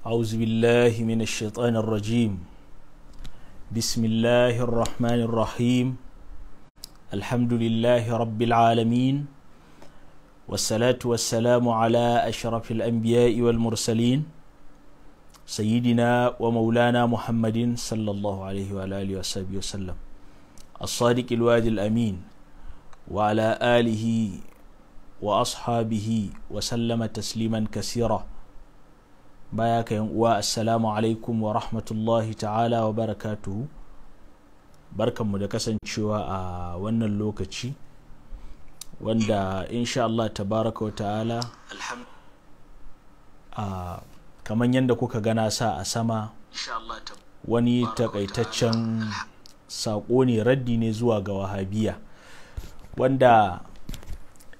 أعوذ بالله من الشيطان الرجيم بسم الله الرحمن الرحيم الحمد لله رب العالمين والصلاة والسلام على أشرف الأنبياء والمرسلين سيدنا ومولانا محمد صلى الله عليه وعلى آله وصحبه وسلم الصادق الواد الأمين وعلى آله وأصحابه وسلم تسليما كثيرا baya ka yan uwa assalamu alaikum wa rahmatullahi ta'ala wa barakatuhu barkanmu da kasancewa a wannan lokaci wanda insha Allah tabaraka wa ta'ala kamar yadda kuka gana sa a sama wani takaitaccen saƙo ne raddi ne zuwa ga wahabiya wanda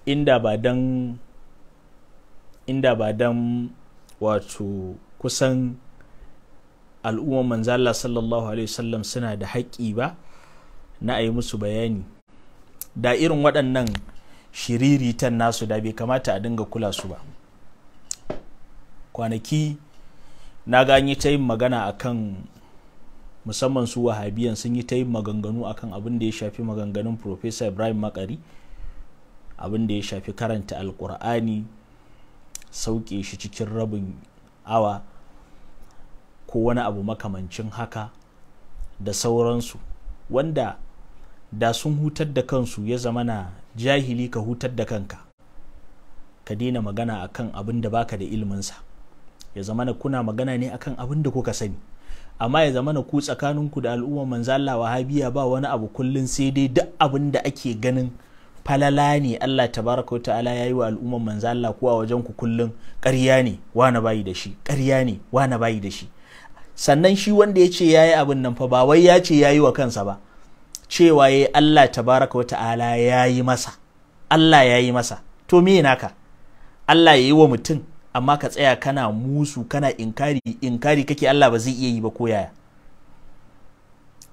inda ba don wato kusan al'ummar manzala sallallahu alaihi wasallam suna da haƙƙi ba na a yi musu bayani da irin waɗannan shiriritan nasu da bai kamata a dinga kula su ba kwanaki na ganye ta yin magana a kan musamman su wahabiyan sun yi ta yin maganganu a kan abin da ya shafi maganganun professor ibrahim makari abin da ya shafi karanta alkur'ani sauke shi cikin rabin awa ko wani abu makamancin haka da sauransu wanda da sun hutar da kansu ya zama na jahili ka hutar da kanka ka daina magana a kan abin da baka da ilminsa ya zama na kuna magana ne akan abin da kuka sani amma ya zama na ku tsakaninku da al'ummar manzala wahabiya ba wani abu kullum sai dai duk abin da ake ganin falala ne Allah tabaraka wa ta'ala yayi wa al'umman manzo Allah ko a wajen ku kullun ƙarya ne wani bayi da shi ƙarya ne wani bayi da shi sannan shi wanda ya ce yayi abin nan fa ba wai ya ce yayi wa kansa ba cewa yayi Allah tabaraka wa ta'ala yayi masa Allah ya yi masa to me naka Allah yi wa mutum amma ka tsaya kana musu kana inkari inkari kake Allah ba zai iya yi ba ko yaya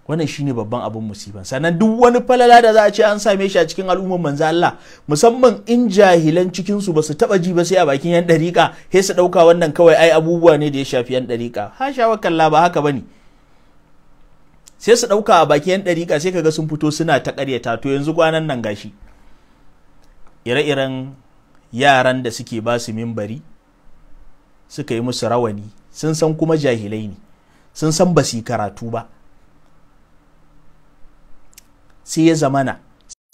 wannan shine babban abin musiban sannan duk wani falala da za a ce an same shi a cikin al'ummar manzo Allah musamman in jahilan cikin su basu taba ji ba sai a bakin yan dariqa sai su dauka wannan kawai ai abubuwa ne da ya shafi yan dariqa Ha sha kalla ba haka bane sai su dauka a bakin yan dariqa sai kaga sun fito suna ta ƙaryata to yanzu kwanan nan gashi ire-iren yaran da suke ba su mimbari suka yi musu rawani sun san kuma jahilai ne sun san basu yi karatu ba sai ya zamana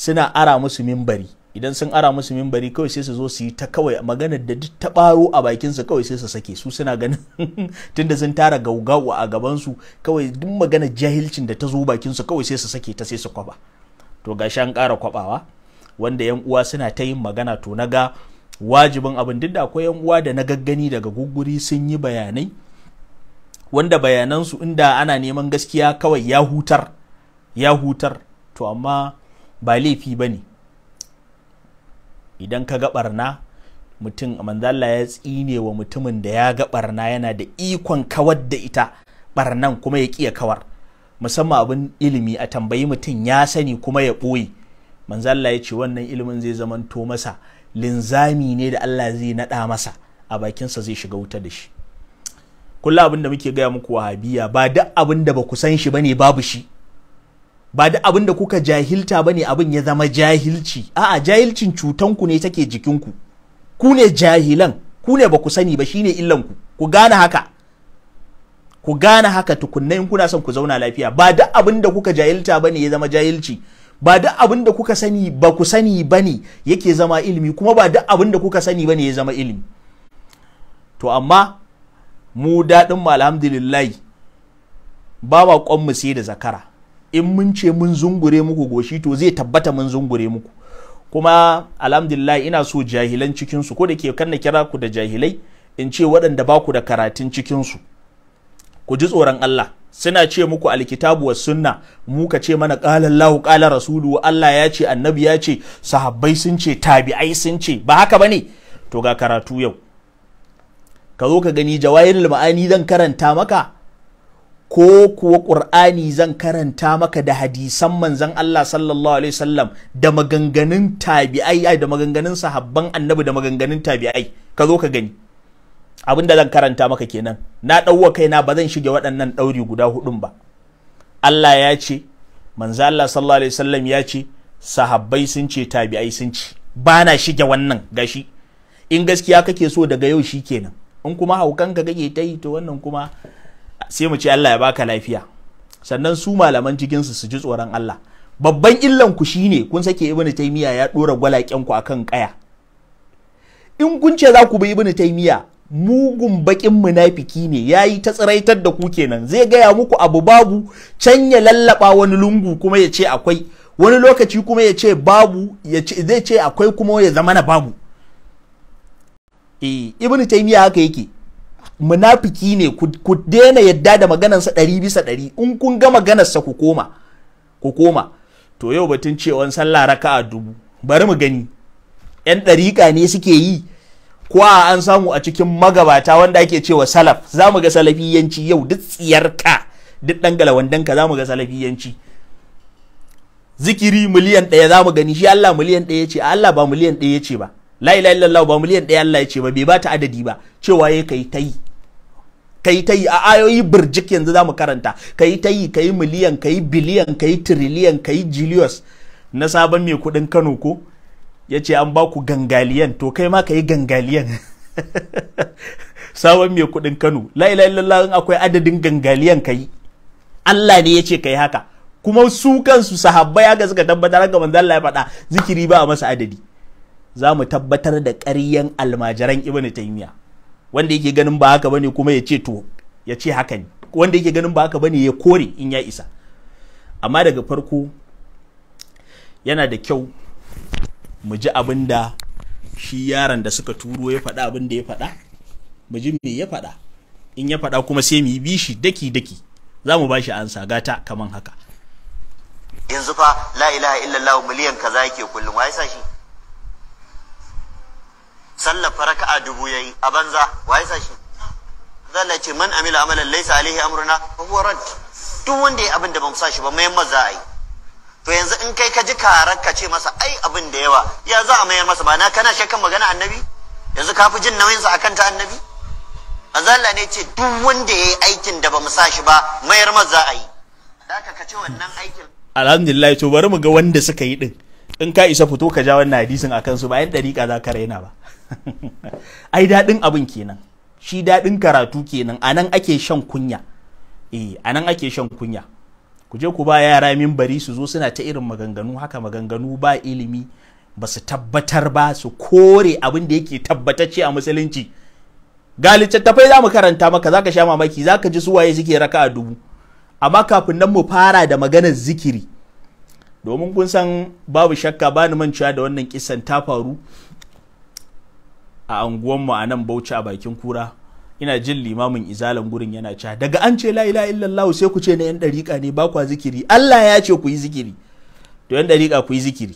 suna ara musu mimbari idan sun ara musu mimbari kawai sai su zo su yi ta kawai maganar da duk ta baro a bakinsu kawai sai su sake su suna ganin tunda sun tara gaugawa a gabansu kawai duk maganar jahilcin da ta zo bakinsu kawai sai su sake ta sai su kwaba to gashi an ƙara kwabawa wanda yan uwa suna ta yin magana to na ga wajibin abin duk da akwai yan uwa da na gaggani daga guguri sun yi bayanai wanda bayanansu inda ana neman gaskiya kawai ya hutar ya hutar to amma ba laifi ba ne idan ka ga ɓarna mutum manzala ya tsine wa mutumin da ya ga ɓarna, yana da ikon kawar da ita barnan kuma ya kiya kawar musamman abin ilimi a tambayi mutum ya sani kuma ya ɓoye manzala ya ce wannan ilimin zai zamanto masa linzami ne da Allah zai naɗa masa a bakinsa zai shiga wuta da shi kullum abin da muke gaya muku wahabiya ba duk abin da ba ku san shi bane babu shi ba da abin da kuka jahilta bane abin ya zama jahilci a'a jahilcin cutanku ne take jikinku ku ne jahilan ku ne ba ku sani ba shine illanku ku gane haka ku gane haka tukunna in kuna son ku zauna lafiya ba da abin da kuka jahilta bane ya zama jahilci ba da abin da kuka sani ba ku sani bane yake zama ilimi kuma ba da abin da kuka sani bane ya zama ilimi to amma mu daɗin mu alhamdulillah ba ba kwan mu sai da zakara in mun ce mun zungure muku goshi to zai tabbata mun zungure muku kuma alhamdulillah ina so jahilan cikin su ko da ke kanna kira ku da jahilai in ce waɗanda ba ku da karatun cikin su ku ji tsoron Allah suna ce muku alkitabu was sunna mu ka ce mana qala Allahu qala rasulu Allah ya ce annabi ya ce sahabbai sun ce tabi'ai sun ce ba haka bane to ga karatu yau ka zo ka gani jawahirul ma'ani zan karanta maka ko kuwa ƙur'ani zan karanta maka da hadisan manzan Allah sallallahu alaihi wasallam da maganganun tabi'ai ai da maganganun sahabban annabi da maganganun tabi'ai ka zo ka gani abin da zan karanta maka kenan na ɗauwa kaina ba zan shige waɗannan ɗauri guda hudun ba Allah ya ce manzan Allah sallallahu alaihi wasallam ya ce sahabbai sun ce tabi'ai sun ce ba na shige wannan gashi in gaskiya kake so daga yau shi kenan in kuma haukan ka ta yi to wannan kuma sai mu ce Allah ya baka lafiya sannan su malaman cikin su su ji tsoron Allah babban illan ku shine kun sake ibnu taymiya ya dora gwalaken ku akan kaya in kun ce za ku bi ibnu taymiya mugun bakin munafiki ne yayi ta tsiraitar da ku kenan zai gaya muku abu babu can ya lallaba wani lungu kuma ya ce akwai wani lokaci kuma ya ce babu zai ce akwai kuma ya zama na babu e eh, ibnu taymiya haka yake munafiki ne ku daina yadda da maganarsa ɗari bisa ɗari in kun ga maganarsa ku koma ku koma to yau batun cewa sallah raka a dubu bari mu gani yan ɗariƙa ne suke yi ko a an samu a cikin magabata wanda ake cewa salaf za mu ga salafiyanci yau duk tsiyarka duk ɗan galawandanka za mu ga salafiyanci zikiri miliyan ɗaya za mu gani shi Allah miliyan ɗaya ce Allah ba miliyan ɗaya ce ba la ilaha illallah ba miliyan ɗaya Allah ya ce ba bai ba ta adadi ba cewa ya kai ta yi kai ta yi a ayoyi birjik yanzu za mu karanta kai ta yi kai miliyan kai biliyan kai tiriliyan kai jiliyos na sabon mai kuɗin Kano ko ya ce an ba ku gangaliyan to kai ma ka yi gangaliyan sabon mai kuɗin Kano la ilaha illallah in akwai adadin gangaliyan ka yi. Allah ne ya ce ka yi haka kuma su kansu sahabbai ga suka tabbatar ga manzo Allah ya faɗa zikiri ba a masa adadi za mu tabbatar da ƙaryen almajiran ibn taymiya wanda yake ganin ba haka bane kuma ya ce to ya ce haka ne wanda yake ganin ba haka bane ya kore in ya isa amma daga farko yana da kyau mu ji abin da shi yaron da suka turo ya faɗa abin da ya faɗa mu ji me ya faɗa in ya faɗa kuma sai mu yi bishi daki daki za mu bashi ansa gata kaman haka yanzu fa la ilaha illallah miliyan kaza yake kullum wai sa shi Sallafa faraka'a dubu yayi a banza waye sa shi Allah ce man amila amalan laysa alaihi amruna fa huwa rad duk wanda ya abin da ban sa shi ba mayan maza ai to yanzu in kai ka ji karar ka ce masa ai abin da yawa ya za a mayar masa ba na kana shakkan magana annabi yanzu ka fi jin nauyin nauyinsa akan ta annabi azalla ne ce duk wanda ya yi aikin da ba mu sa ba mayar maza a yi da ka ce wannan aikin alhamdulillah to bari mu ga wanda suka yi din in ka isa fito ka ja wannan hadisin akan su ba dariƙa za ka raina ba ai daɗin abin kenan shi daɗin karatu kenan a nan ake shan kunya eh a nan ake shan kunya ku je ku ba yara mimbari su zo suna ta irin maganganu haka maganganu ba ilimi ba su tabbatar ba su kore abin da yake tabbatacce a musulunci ga littattafai za mu karanta maka zaka sha mamaki zaka ji su waye suke raka a dubu amma kafin nan mu fara da maganar zikiri domin kun san babu shakka ba ni mancewa da wannan kisan ta faru a anguwanmu a nan bauchi a bakin kura ina jin limamin izalan gurin yana cewa daga an ce la ilaha illallah sai ku ce na yan dariƙa ne ba kwa zikiri Allah ya ce ku yi zikiri to yan dariƙa ku yi zikiri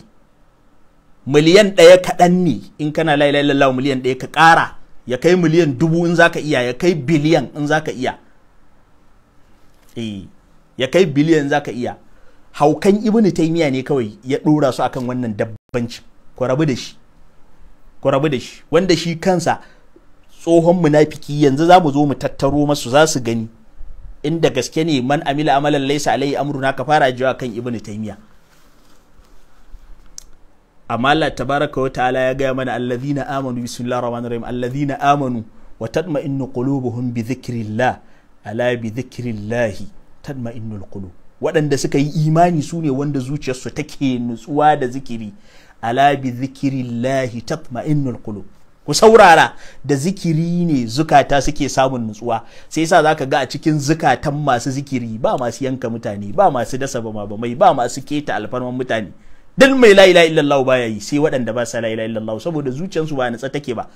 miliyan ɗaya kaɗan ne in kana la ilaha illallah miliyan ɗaya ka ƙara ya kai miliyan dubu in zaka iya ya kai biliyan in zaka iya eh ya kai biliyan zaka iya haukan ibnu taymiya ne kawai ya ɗora su akan wannan dabbanci ku rabu da shi ku rabu da shi wanda shi kansa tsohon munafiki yanzu za mu zo mu tattaro masu za su gani inda gaske ne man amila amalan laisa alai amruna ka fara jiwa kan ibnu taymiya amma Allah tabaraka wa ta'ala ya gaya mana alladhina amanu bismillahir rahmanir rahim alladhina amanu wa tatma'innu qulubuhum bi dhikrillah ala bi dhikrillah tatma'innul qulub wadanda suka yi imani sune wanda zuciyarsu take nutsuwa da zikiri ala bi zikirillahi tatma'innul qulub ku saurara da zikiri ne zukata suke samun nutsuwa sai yasa zaka ga a cikin zukatan masu zikiri ba masu yanka mutane ba masu dasa bama bamai ba masu keta alfarman mutane duk mai la ilaha illallah baya yi sai waɗanda ba sa la ilaha illallah saboda zuciyarsu ba natsa take ba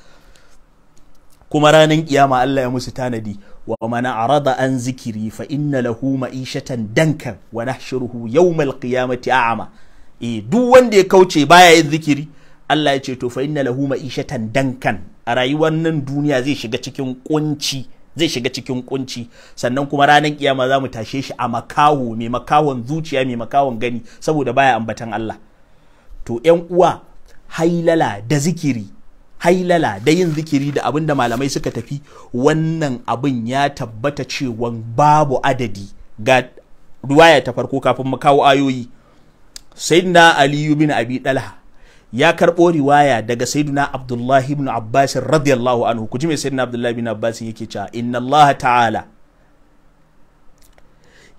kuma ranar kiyama Allah ya musu tanadi wa mana arada an zikiri fa inna lahu ma'ishatan dankan wa nahshuruhu yawmal qiyamati a'ama eh duk wanda ya kauce baya yin zikiri Allah ya ce to fa inna lahu ma'ishatan dankan a rayuwar nan duniya zai shiga cikin kunci zai shiga cikin kunci sannan kuma ranar kiyama za mu tashe shi a makaho mai makahon zuciya mai makahon gani saboda baya ambatan Allah to yan uwa hailala da zikiri hailala da yin zikiri da abin da malamai suka tafi wannan abin ya tabbata cewa babu adadi ga ruwaya ta farko kafin mu kawo ayoyi sayyidina Aliyu bin abi dalha ya karɓo riwaya daga sayyidina abdullahi ibn abbas radiyallahu anhu ku ji me sayyidina abdullahi ibn abbas yake cewa inna allah ta'ala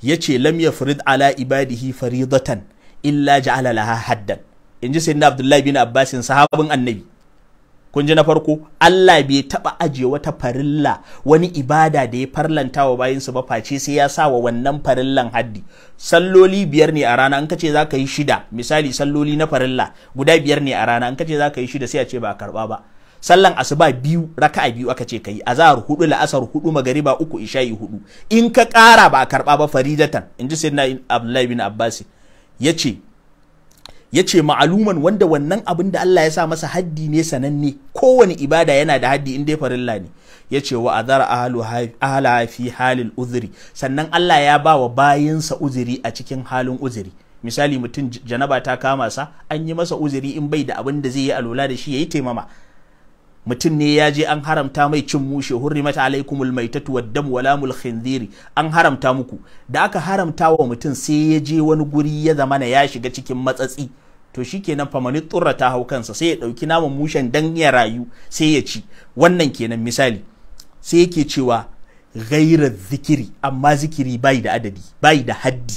yace lam yafrid ala ibadihi faridatan illa ja'ala laha haddan inji sayyidina abdullahi ibn abbas sahabin annabi kun ji na farko Allah bai taba ajiye wata farilla wani ibada da ya farlanta wa bayinsu ba face sai ya sa wa wannan farillan haddi salloli biyar ne a rana an kace ka yi shida misali salloli na farilla guda biyar ne a rana an kace ka yi shida sai a ce ba karba ba sallan asuba biyu raka'a biyu aka ce kai azhar hudu la'asar hudu magariba uku isha'i hudu in ka kara ba a karba ba faridatan inji sayyidina Abdullahi bin Abbas yace ya ce ma'aluman wanda wannan abin da Allah ya sa masa haddi ne sananne kowane ibada yana da haddi in dai farilla ne ya ce wa azara ahala fi halin uzuri sannan Allah ya ba wa bayinsa uzuri a cikin halin uzuri misali mutum janaba ta kama sa an yi masa uzuri in bai da abin da zai yi alola da shi ya yi taimama mutum ne ya je an haramta mai cin mushe hurrimat alaikumul maitatu waddam walamul khinziri an haramta muku da aka haramta wa mutum sai ya je wani guri ya zamana ya shiga cikin matsatsi to shikenan famani mani ta hau kansa sai ya ɗauki naman mushen dan ya rayu sai ya ci wannan kenan misali sai yake cewa gaira zikiri amma zikiri bai da adadi bai da haddi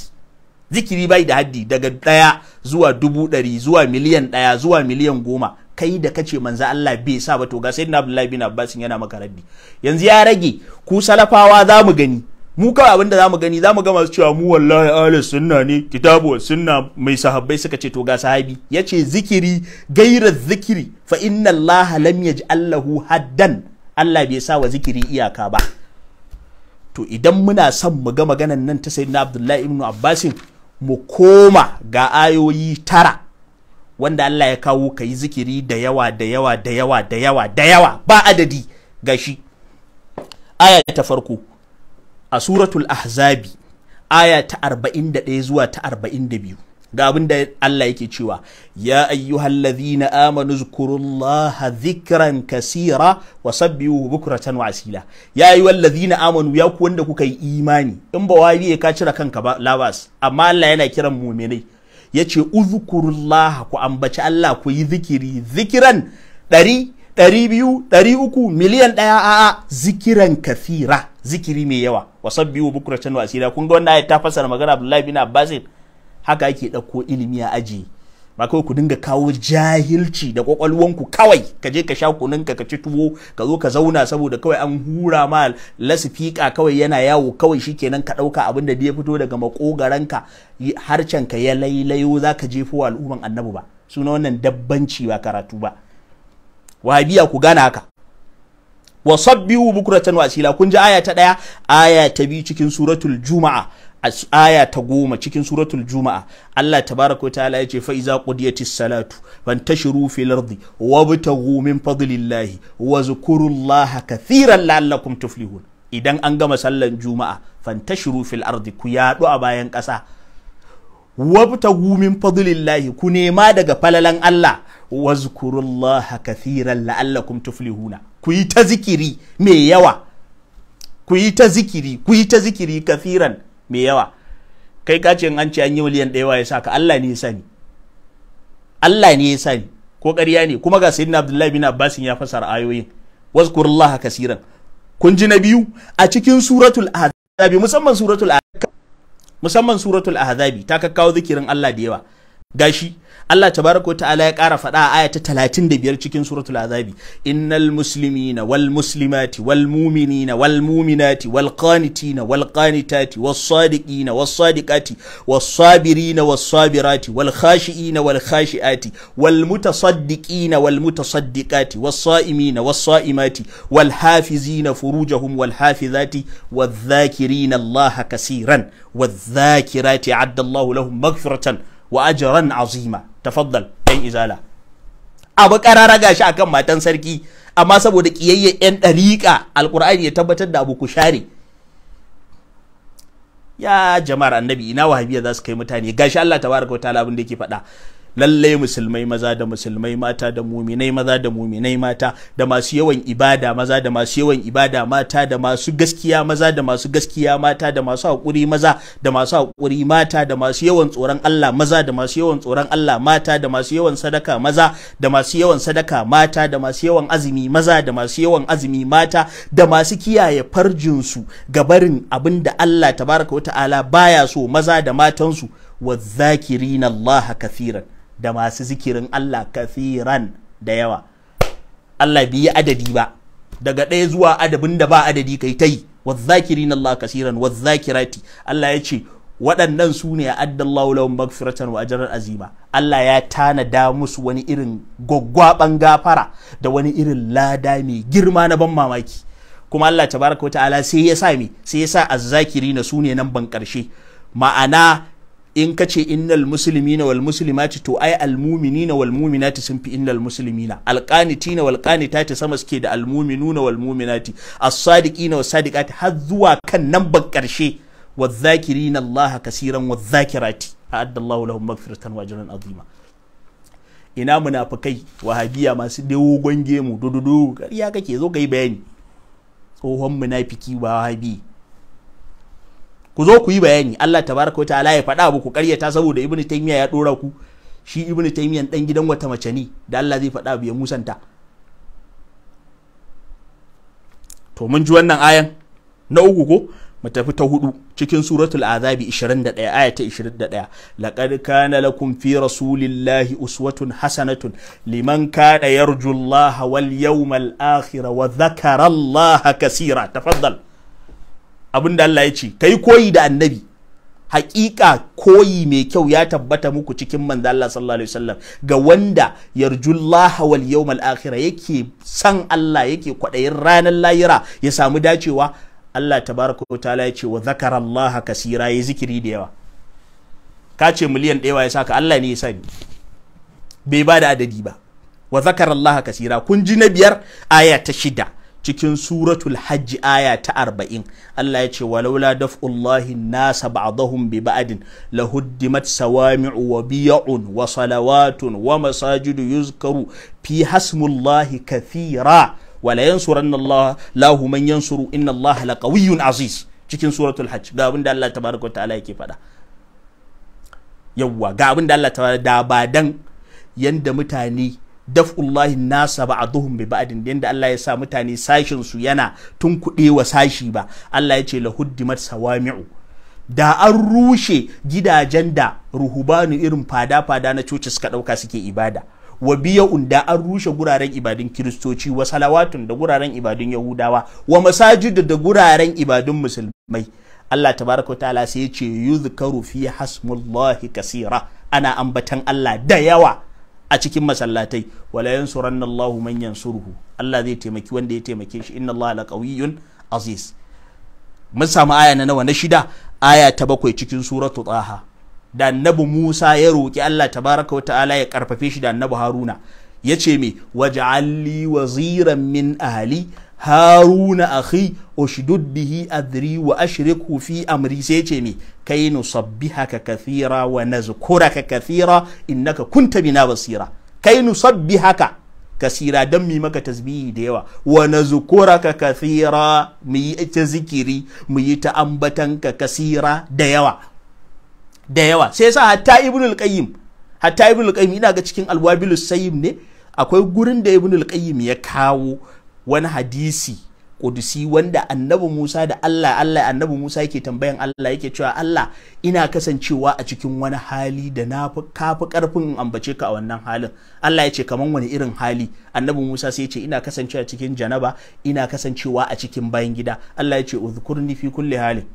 zikiri bai da haddi daga ɗaya zuwa dubu ɗari zuwa miliyan ɗaya, zuwa miliyan goma kai da kace manzo Allah bai sa ba to ga sayyidina Abdullahi bin Abbas yana maka raddi yanzu ya rage ku salafawa za mu gani mu kawai abin da zamu gani zamu ga masu cewa mu wallahi ahli sunna ne kitabu sunna mai sahabbai suka ce to ga sahabi yace zikiri gaira zikiri fa inna Allah lam yaj'al lahu haddan Allah bai sa wa zikiri iyaka ba to idan muna son mu ga maganan nan ta sayyidina Abdullahi ibn Abbas mu koma ga ayoyi tara wanda Allah ya kawo kai zikiri da yawa da yawa da yawa da yawa da yawa ba adadi gashi aya ta farko a suratul ahzabi aya ta arba'in da ɗaya zuwa ta arba'in 42 ga abin da Allah yake cewa ya ayyuhallazina amanu zkurullaha dhikran kasira wa sabbihu bukratan wa asila ya ayyuhallazina amanu ya ku wanda kuka yi imani in ba wari ka cira kanka ba labas amma Allah yana kiran mu'minai yace uzkurullaha ku ambaci Allah ku yi zikiri zikiran ɗari ɗari biyu ɗari uku miliyan ɗaya a'a zikiran kasira zikiri mai yawa wa bukura bukratan wa asira kun ga wannan ayat ta fassara magana Abdullahi bin Abbas haka ake dauko ilimi a aji ba kawai ku dinga kawo jahilci da kwakwalwanku kawai ka je ka sha kununka ka ci tuwo ka zo ka zauna saboda kawai an hura ma lasifika kawai yana yawo kawai shikenan ka dauka abin da ya fito daga makogaranka ka ya lailayo za ka jefo al'umman annabi ba suna wannan dabbanci ba karatu ba wahabiya ku gana haka wa bukratan wa asila kun ji aya ta daya aya ta biyu cikin suratul juma'a aya ta goma cikin suratul juma'a Allah tabaraka ta'ala yace fa iza qudiyatis salatu fantashiru fil ardi wabtaghu min fadlillahi wa kathiran la'allakum tuflihun idan an gama sallan juma'a fantashiru fil ardi ku yadu a bayan kasa wabtaghu min fadlillahi ku nema daga falalan Allah wa zkurullaha kathiran la'allakum tuflihuna ku yi ta zikiri mai yawa ku yi ta zikiri ku yi ta zikiri kafiran mai yawa kai ka an ce an yi miliyan ɗaya ya saka Allah ne ya sani Allah ne ya sani ko ƙarya ne kuma ga sayyidina Abdullahi bin Abbas ya fasara ayoyin wazkurullah kasiran kun ji na biyu a cikin suratul ahzabi musamman suratul ahzabi musamman suratul ahzabi ta kakkawo zikirin Allah da yawa gashi Allah tabaraka wa ta'ala ya kara faɗa a aya ta 35 cikin suratul azabi innal muslimina wal muslimati wal mu'minina wal mu'minati wal qanitina wal qanitati was sadiqina was sadiqati was sabirina was sabirati wal khashiina wal khashiati wal mutasaddiqina wal mutasaddiqati was saimina was saimati wal hafizina furujahum wal hafizati wal dhakirina Allah kaseeran wal dhakirati adda Allah lahum maghfiratan وأجرا عظيما tafaddal yan izala abu karara gashi akan matan sarki amma saboda kiyayyen yan dariƙa alqur'ani ya tabbatar da abu ku share ya jama'ar annabi ina wahabiya za su kai mutane gashi Allah tabaraka wa ta'ala abin da yake faɗa lallai musulmai maza da musulmai mata da muminai maza da muminai mata da masu yawan ibada maza da masu yawan ibada mata da masu gaskiya maza da masu gaskiya mata da masu haƙuri maza da masu haƙuri mata da masu yawan tsoron Allah maza da masu yawan tsoron Allah mata da masu yawan sadaka maza da masu yawan sadaka mata da masu yawan azumi maza da masu yawan azumi mata da masu kiyaye farjinsu ga barin abin da Allah tabaraka wa ta'ala baya so maza da matansu wa zakirina Allah kathiran da masu zikirin Allah kafiran da yawa Allah bai adadi ba daga ɗaya zuwa adabin da ba adadi kai ta yi na Allah kasiran wazzakirati Allah ya ce waɗannan su ne addallahu lahum magfiratan wa ajran azima Allah ya tanada musu wani irin gwaggwaban gafara da wani irin lada mai girma na ban mamaki kuma Allah tabaraka wa ta'ala sai ya sa me sai ya sa su ne nan ban ƙarshe. ma'ana in ka ce innal muslimina wal muslimati to ai al mu'minina wal mu'minati sun fi innal muslimina al qanitina wal qanitati sama suke da al mu'minuna wal mu'minati as sadiqina was sadiqati har zuwa kan nan ban karshe wa dhakirina Allah kasiran wa dhakirati a'adda Allah lahum maghfiratan wa ajran azima ina munafikai wahabiya masu dogon gemu dododo ƙarya kake zo kai bayani tsohon munafiki wahabi ku zo ku yi bayani Allah tabaraka wa ta'ala ya faɗa abu ku karyata saboda ibnu taymiya ya dora ku shi ibnu taymiyan dan gidan wata mace ne da Allah zai faɗa abu ya musanta to mun ji wannan ayan na uku ko mu tafi ta hudu cikin suratul azabi 21 aya ta 21 laqad kana lakum fi rasulillahi uswatun hasanatun liman kana yarjullaha wal yawmal akhir wa dhakara allaha kaseera tafaddal abin da Allah ya ce yi koyi da annabi hakika koyi mai kyau ya tabbata muku cikin manzo Allah sallallahu alaihi wasallam ga wanda yarjullaha wal yawmal akhirah yake san Allah yake kwadayin ranar layira ya samu dacewa Allah tabaraka wa ta'ala ya ce wa zakara Allah kasira ya zikiri da yawa ka ce miliyan ɗaya ya saka Allah ne ya sani bai ba da adadi ba wa zakara Allah kasira kun ji na biyar aya ta shida cikin suratul hajji aya ta arba'in Allah ya ce walaula daf'ullahi nasa ba'dahum bi ba'din la huddimat sawami'u wa biya'un wa salawatun wa masajidu yuzkaru fi hasmullahi kathira wala yansuranna Allah lahu man yansuru inna Allah laqawiyyun aziz cikin suratul hajj ga abin Allah tabaraka ta'ala yake faɗa yawwa ga abin Allah tabaraka da ba dan yanda mutane daf'ullahi nasa ba a ba bi ba'din da Allah ya sa mutane sashen su yana tun kuɗe wa sashi ba Allah ya ce lahuddimat sawami'u da an rushe gidajen da ruhubanu irin fada-fada na coci suka ɗauka suke ibada wa biya'un da an rushe guraren ibadun kiristoci wa salawatun da guraren ibadun yahudawa wa masajidu da guraren ibadun musulmai Allah tabaraka wa ta'ala sai ya ce yuzkaru fi hasmullahi kasira ana ambatan Allah da yawa a cikin masallatai wala yansuran Allahu man yansuruhu Allah zai taimaki wanda ya taimake shi inna Allah laqawiyyun aziz mun samu aya na nawa na shida aya ta bakwai cikin suratu taha da annabi Musa ya roki Allah tabaraka wa ta'ala ya karfafe shi da annabi Haruna Ya ce me waj'alli waziran min ahli haruna akhi ushdud bihi adri wa ashriku fi amri sai yace me kai nusabbihaka kathira wa nazkuraka kathira naka kunta bina basira kai haka kasira don mi maka tasbihi da yawa wa nazkuraka kathira mu yi ta zikiri mu yi ta ambatanka kasira da yawa da yawa sai sa hatta ibnul qayyim hatta ina ga cikin alwabilus sayyim ne akwai gurin da ibnul qayyim ya kawo wani hadisi odisi wanda annabi Musa da Allah Allah annabi Musa yake tambayan Allah yake cewa Allah ina kasancewa a cikin wani hali da na kafi karfin ambace ka a wannan halin Allah ya ce kaman wani irin hali annabi Musa sai ya ce ina kasancewa cikin janaba ina kasancewa a cikin bayan gida Allah ya ce uzkurni fi kulli halin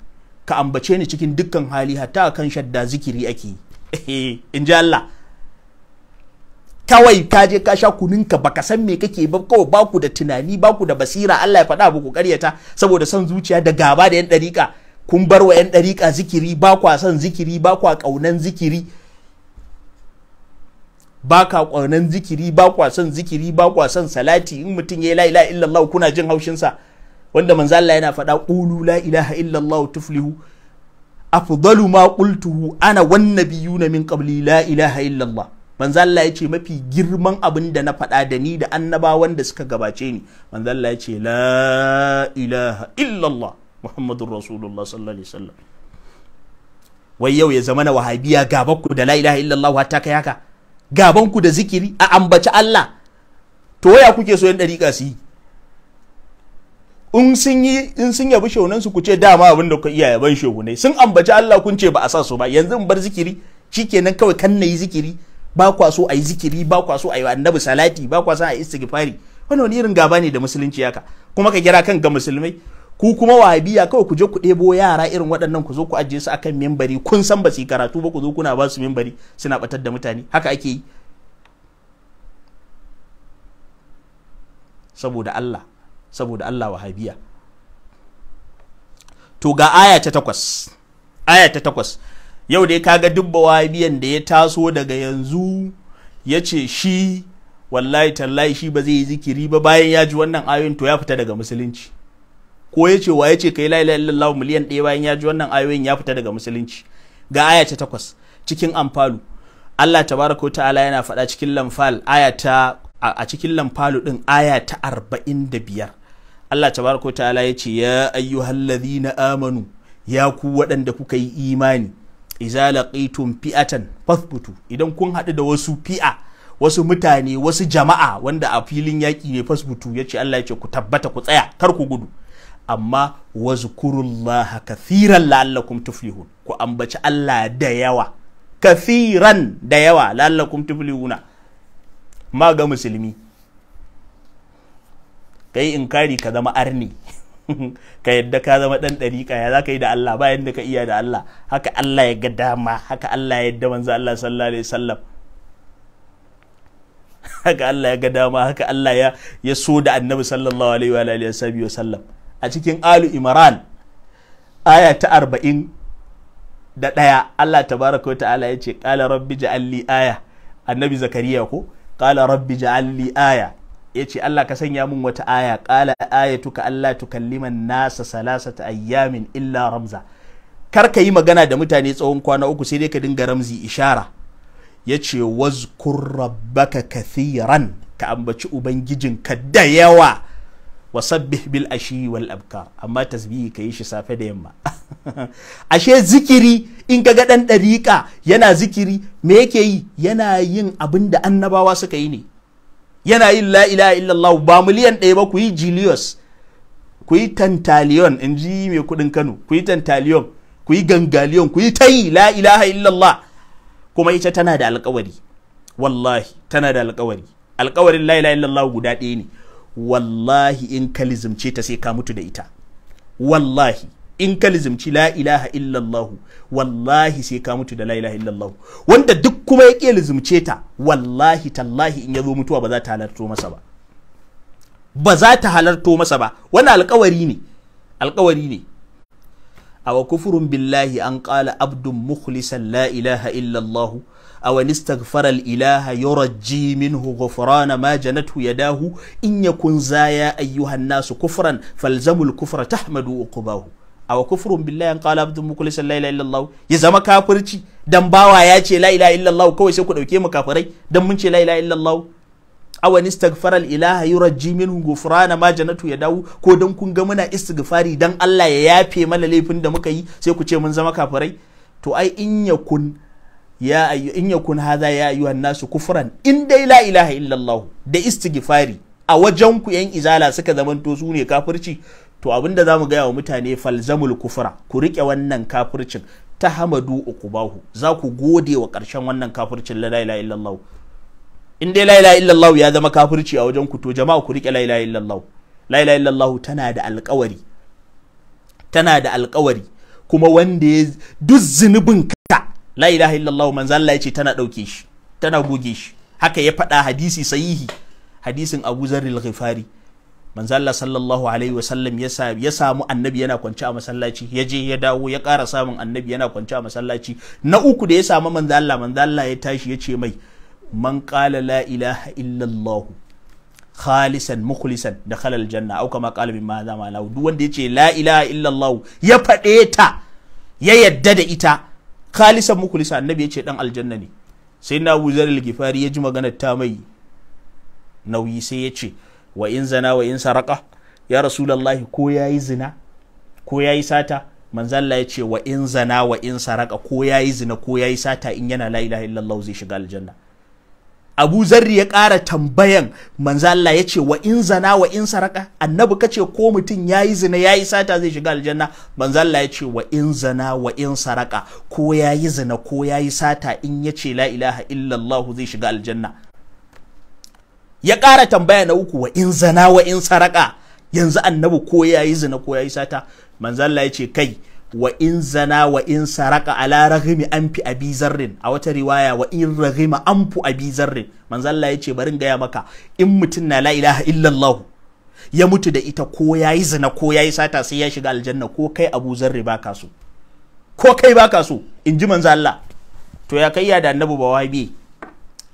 ka ambace ni cikin dukkan hali hatta kan shadda zikiri ake yi eh, in ji Allah kawai ka je ka sha ka baka san me kake ba kawai baku da tunani baku da basira Allah ya faɗa ba ku karyata saboda son zuciya da gaba da yan ɗariƙa kun bar wa yan ɗariƙa zikiri ba kwa son zikiri ba kwa ƙaunan zikiri ba ka ƙaunan zikiri ba kwa son zikiri ba kwa son salati in mutum ya la ilaha illallah kuna jin haushin sa wanda manzo Allah yana faɗa qulu la ilaha illallah tuflihu afdalu ma qultuhu ana wan nabiyuna min qabli la ilaha illallah manzo Allah ya ce mafi girman abin da na faɗa da ni da annabawan da suka gabace ni manzo Allah ya ce la ilaha illallah muhammadur rasulullah sallallahu alaihi wasallam wai yau ya zama na wahabiya gaban ku da la ilaha illallah hatta kai haka gaban ku da zikiri a ambaci Allah to waya kuke so yan dariƙa su yi in sun yabi shaunan su ku ce dama abin da kuka iya yaban shaunai sun ambaci Allah kun ce ba a sa su ba yanzu in bar zikiri shikenan kawai kan na yi zikiri ba kwa so a zikiri ba kwa so a annabi salati ba kwa so a yi istighfari wannan wani irin gaba ne da musulunci haka kuma ka kira kan ga musulmai ku kuma wahabiya kawai ku je ku ɗebo yara irin waɗannan ku zo ku ajiye su akan mimbari? kun san ba su karatu ba ku zo kuna ba su membari suna batar da mutane haka ake yi saboda Allah saboda Allah wahabiya to ga aya ta takwas aya ta takwas yau dai kaga dubba biyan da ya taso daga yanzu ya ce shi wallahi tallahi shi ba zai yi zikiri ba bayan ya ji wannan ayoyin to ya fita daga musulunci ko ya ce wa ya ce kai la ilaha illallah miliyan ɗaya bayan ya ji wannan ayoyin ya fita daga musulunci ga aya ta takwas cikin amfalu Allah tabaraka wa ta'ala yana faɗa cikin lamfal aya ta a cikin lamfalu din aya ta arba'in da biyar Allah tabaraka wa ta'ala ya ce ya ayyuhallazina amanu ya ku waɗanda kuka yi imani izala laqitum fi'atan fathbutu idan kun haɗu da wasu fi'a wasu mutane wasu jama'a wanda a filin yaƙi ne fasbutu ya ce Allah ya ce ku tabbata ku tsaya kar ku gudu amma wazkurullaha kathiran la'allakum tuflihun ku ambaci Allah da yawa kathiran da yawa la'allakum tuflihuna ma ga musulmi kai inkari ka zama arni ka yadda ka zama dan dariƙa ya zaka yi da Allah ba yadda ka iya da Allah haka Allah ya ga dama haka Allah ya yadda manzo Allah sallallahu alaihi wasallam haka Allah ya ga dama haka Allah ya ya so da Annabi sallallahu alaihi wa alihi wasallam a cikin Alu Imran aya ta 40 da ɗaya Allah tabaraka wa ta'ala ya ce qala rabbi ja'alli aya Annabi Zakariya ko qala rabbi ja'alli aya ya ce Allah ka sanya mun wata aya ƙala ayatuka Allah tukalliman nasa salasata ayyamin illa ramza kar ka yi magana da mutane tsawon kwana uku sai dai ka dinga ramzi ishara ya ce wazkur rabbaka kathiran ka ambaci ubangijinka da yawa wasabbih bil ashi wal abkar amma tasbihi ka yi shi safe da yamma ashe zikiri in ka ga ɗan ɗariƙa yana zikiri me yake yi yana yin abin da annabawa suka yi ne yana yin la ilaha illallah ba miliyan ɗaya ba ku yi jiliyos ku yi tantaliyon in ji mai kuɗin kano ku yi tantaliyon ku yi gangaliyon ku yi tayi la ilaha illallah kuma ita tana da alkawari wallahi tana da alkawari alkawarin la ilaha illallah guda ɗaya ne wallahi in ka ta sai ka mutu da ita wallahi in ka lizimci la ilaha illallahu, wallahi sai ka mutu da la ilaha illallahu. wanda duk kuma ya ƙi lizimce ta wallahi tallahi in ya zo mutuwa ba za ta halarto masa ba ba za ta halarto masa ba wani alkawari ne alkawari ne wa kufurun billahi an ƙala abdun mukhlisan la ilaha illallahu aw istaghfara al-ilaha yurji minhu ghufrana ma janatu yadahu in ya zaya ayyuhan nasu kufran falzamul kufra tahmadu ukubahu. A wa kufrun billahi an qala abdul mukulis la ilaha illallah ya zama kafirci dan bawa ya ce la ilaha illallah kawai sai ku dauke mu kafirai dan mun ce la ilaha illallah aw an istaghfara al ilaha yurji minhu ghufrana ma janatu ya dawo ko dan kun ga muna istighfari dan Allah ya yafe mana laifin da muka yi sai ku ce mun zama kafirai to ai in yakun ya in yakun hadha ya ayyuhan nasu kufran in dai la ilaha illallah da istighfari a wajen ku yan izala suka zamanto su ne kafirci to abin da za mu gaya wa mutane falzamul kufra ku riƙe wannan kafircin ta hamadu ukubahu za ku gode wa ƙarshen wannan kafircin la ilaha illallah in dai la ilaha illallah ya zama kafirci a wajen ku to jama'a ku riƙe la ilaha illallah la ilaha illallah tana da alƙawari tana da alƙawari kuma wanda ya duk zunubin ka la ilaha illallah manzo Allah ya tana ɗauke shi tana goge shi haka ya faɗa hadisi sahihi hadisin Abu Zarril Ghifari manzo sallallahu alaihi wasallam ya samu annabi yana kwance a masallaci ya je ya dawo ya ƙara samun annabi yana kwance a masallaci na uku da ya samu manzo Allah ya tashi ya ce mai man qala la ilaha illallah khalisan mukhlisan da khalal janna au kama qala mimma za ma duk wanda ya ce la ilaha illallah ya faɗeta, ta ya yadda da ita khalisan mukhlisan annabi ya ce dan aljanna ne sai na wuzar al-gifari ya ji maganar ta mai nauyi sai ya ce wa in zana wa in saraka ya rasulullahi ko ya yi zina ko ya yi sata manzalla ya ce wa in zana wa in saraka ko yi zina ko ya yi sata in yana la ilaha illallah zai shiga aljanna Abu Zarri ya ƙara tambayan manzalla ya ce wa in zana wa in saraka annabi kace ko mutum yi zina ya yi sata zai shiga aljanna manzalla ya ce wa in zana wa in saraka ko yi zina ko ya yi sata in ya ce la ilaha illallah zai shiga aljanna ya ƙara tambaya na uku wa in zana wa in saraka yanzu annabi ko ya yi zina ko ya yi sata manzo ya ce kai wa in zana wa in saraka ala raghimi anfi abi zarrin a wata riwaya wa in raghima anfu abi zarrin manzo ya ce barin gaya maka in mutum na la ilaha illallah ya mutu da ita ko ya yi zina ko ya yi sata sai ya shiga aljanna ko kai abu zarri baka so ko kai baka so in ji manzo to ya kai ya da annabi ba biye?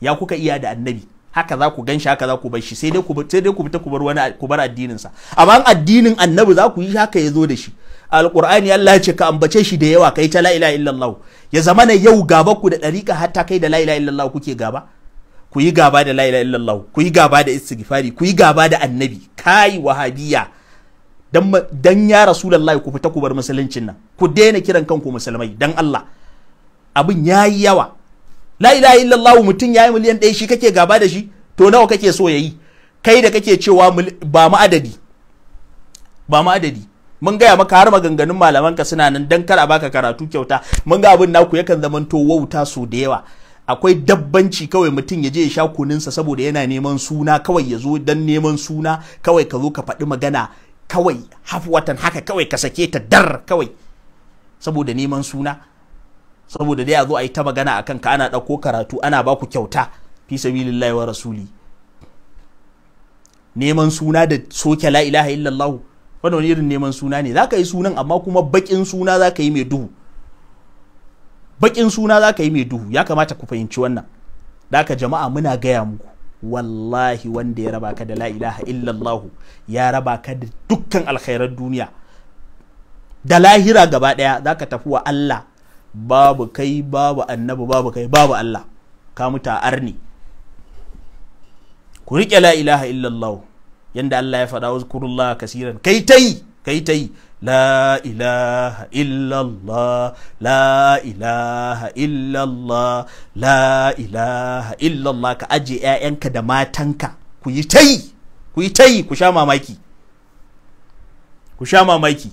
ya kuka iya da annabi haka za ku ganshi haka za ku bar shi sai dai ku sai dai ku fita ku bar wani ku bar addinin sa amma addinin annabi za ku yi haka ya zo da shi alqur'ani Allah ya ce ka ambace shi da yawa kai ta la ilaha illallah ya na yau gaba ku da dariƙa hatta kai da la ilaha illallah kuke gaba ku yi gaba da la ilaha illallah ku yi gaba da istighfari ku yi gaba da annabi kai wahabiyya dan dan ya rasulullahi ku fita ku bar musuluncin nan ku daina kiran kanku musulmai dan Allah abin yayi yawa la ilaha illallah mutum yayi miliyan ɗaya shi kake gaba da shi to nawa kake so ya yi kai da kake cewa ba mu adadi ba mu mun gaya maka har maganganun malamanka suna nan dan kar a baka karatu kyauta mun ga abin naku yakan zamanto wauta so da yawa akwai dabbanci kawai mutum ya je ya sha sa saboda yana neman suna kawai ya zo dan neman suna kawai ka zo ka faɗi magana kawai hafwatan haka kawai ka sake ta dar kawai saboda neman suna saboda dai a zo a yi ta magana akan ka ana ɗauko karatu ana ba ku kyauta fi sabilillahi wa rasuli neman suna da soke la ilaha illallah wannan wani irin neman suna ne zaka yi sunan amma kuma bakin suna zaka yi mai duhu bakin suna zaka yi mai duhu ya kamata ku fahimci wannan daka jama'a muna gaya muku wallahi wanda ya raba ka da la ilaha illallah ya raba ka da dukkan alkhairar duniya da lahira gaba daya zaka tafi wa Allah babu kai babu annabi babu kai babu Allah ka muta a arni ku riƙe la ilaha illallah yanda Allah ya faɗa wazkurullah kasiran kai tai kai tai la ilaha illallah la ilaha illallah la ilaha illallah ka aje 'ya'yanka da matanka ku yi tai ku yi tai ku sha mamaki ku sha mamaki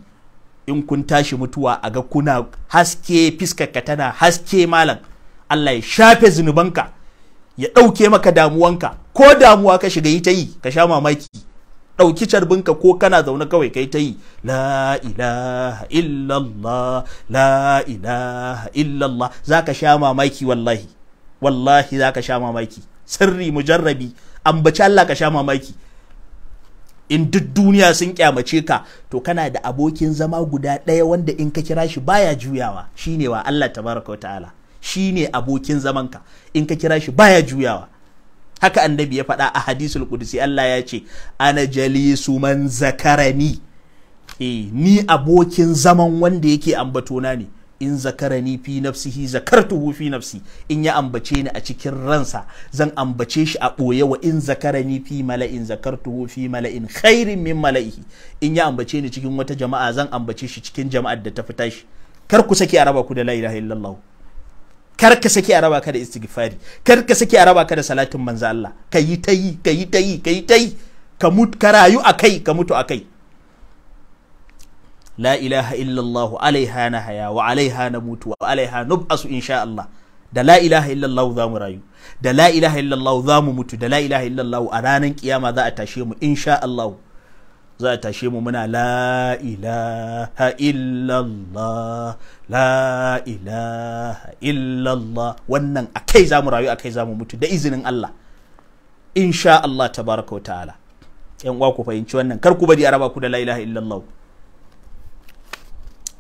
in kun tashi mutuwa a ga kuna haske fiskarka tana haske malam Allah ya shafe zunubanka ya ɗauke maka damuwanka ko damuwa ka shiga yi ta yi ka sha mamaki ɗauki carbinka ko kana zaune kawai kai ta yi la ilaha illallah la ilaha illallah za ka sha mamaki wallahi wallahi za ka sha mamaki sirri mujarrabi ambaci Allah ka sha mamaki in duk duniya sun kyamace ka to kana da abokin zama guda ɗaya wanda in ka kira shi baya juyawa shine wa Allah tabaraka wa ta'ala shine abokin zamanka in ka kira shi baya juyawa haka annabi ya faɗa a hadisul qudsi Allah ya ce ana jalisu man zakarani eh ni abokin zaman wanda yake ambatona ne in zakarani fi nafsihi zakartuhu fi nafsi in ya ambace ni a cikin ransa zan ambace shi a ɓoye wa in zakarani fi mala'in zakartuhu fi mala'in khairin min mala'ihi in ya ambace ni cikin wata jama'a zan ambace shi cikin jama'ar da ta fita shi kar ku saki a raba ku da la ilaha illallah kar ka saki a raba ka da istighfari kar ka saki a raba ka da salatin manzo Allah ka yi ta yi ka yi ta yi ka yi ta yi ka mutu ka rayu akai ka mutu akai la ilaha illallah alaiha na haya wa alaiha na mutu wa alaiha nub'asu da la ilaha illallah za mu rayu da la ilaha illallah za mu mutu da la ilaha illallah a ranar kiyama za a tashe mu insha Allah za a tashe mu muna la ilaha illallah la ilaha illallah wannan a kai za mu rayu a kai za mu mutu da izinin Allah insha Allah tabaraka wa ta'ala yan uwa ku fahimci wannan kar ku bari araba raba ku da la ilaha illallah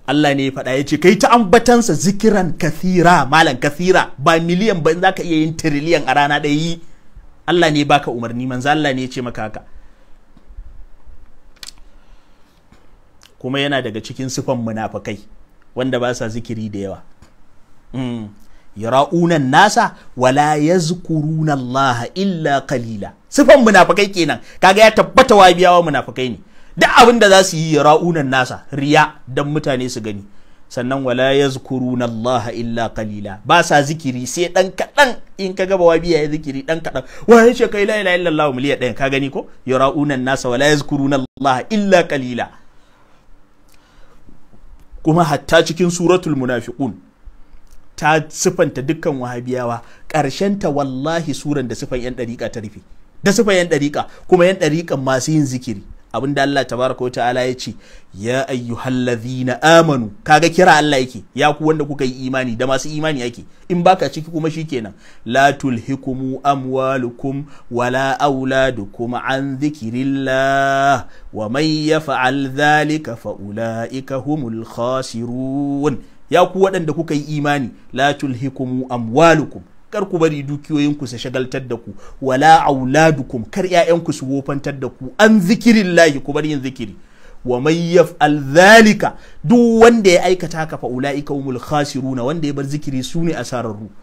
Allah ne ya faɗa ya ce kai ta ambatansa zikiran kathira malam kathira ba miliyan ba za ka iya yin tiriliyan a rana ɗaya yi Allah ne baka umarni manzo Allah ne ya ce maka haka kuma yana daga cikin sifan munafakai wanda ba sa zikiri da yawa mm. yara'unan nasa wala yazkuruna Allah illa qalila sifan munafakai kenan kaga ya tabbata wa biyawa munafakai ne duk abin da za su yi ra'unan nasa riya don mutane su gani sannan wala yazkuruna Allah illa kalila. ba sa zikiri sai dan kadan in ka wa biya ya zikiri dan kadan wa ya ce kai la'ila illa illallah miliyan ɗaya ka gani ko Ya ra'unan nasa wala yazkuruna Allah illa kalila. kuma hatta cikin suratul munafiqun ta sifanta dukkan wahabiyawa ƙarshen ta wallahi suran da sifan yan ɗariƙa ta rufe da sifan yan ɗariƙa kuma yan dariƙan masu yin zikiri abin da Allah tabaraka ta'ala ya ce ya ayyuhallazina amanu kaga kira Allah yake ya ku wanda kuka yi imani da masu imani yake in baka ciki kuma shi shikenan la tulhikumu amwalukum wala kuma an dhikrillah wa man yaf'al dhalika fa ulaika humul khasirun ya ku waɗanda kuka yi imani la tulhikumu amwalukum kar ku bari dukiyoyinku su shagaltar da ku wala auladukum kar ƴaƴanku su wofantar da ku an zikirin lahi ku bar yin zikiri wa man yaf'al dhalika duk wanda ya aikata ka fa ulaika humul khasiruna wanda ya bar zikiri su ne asararru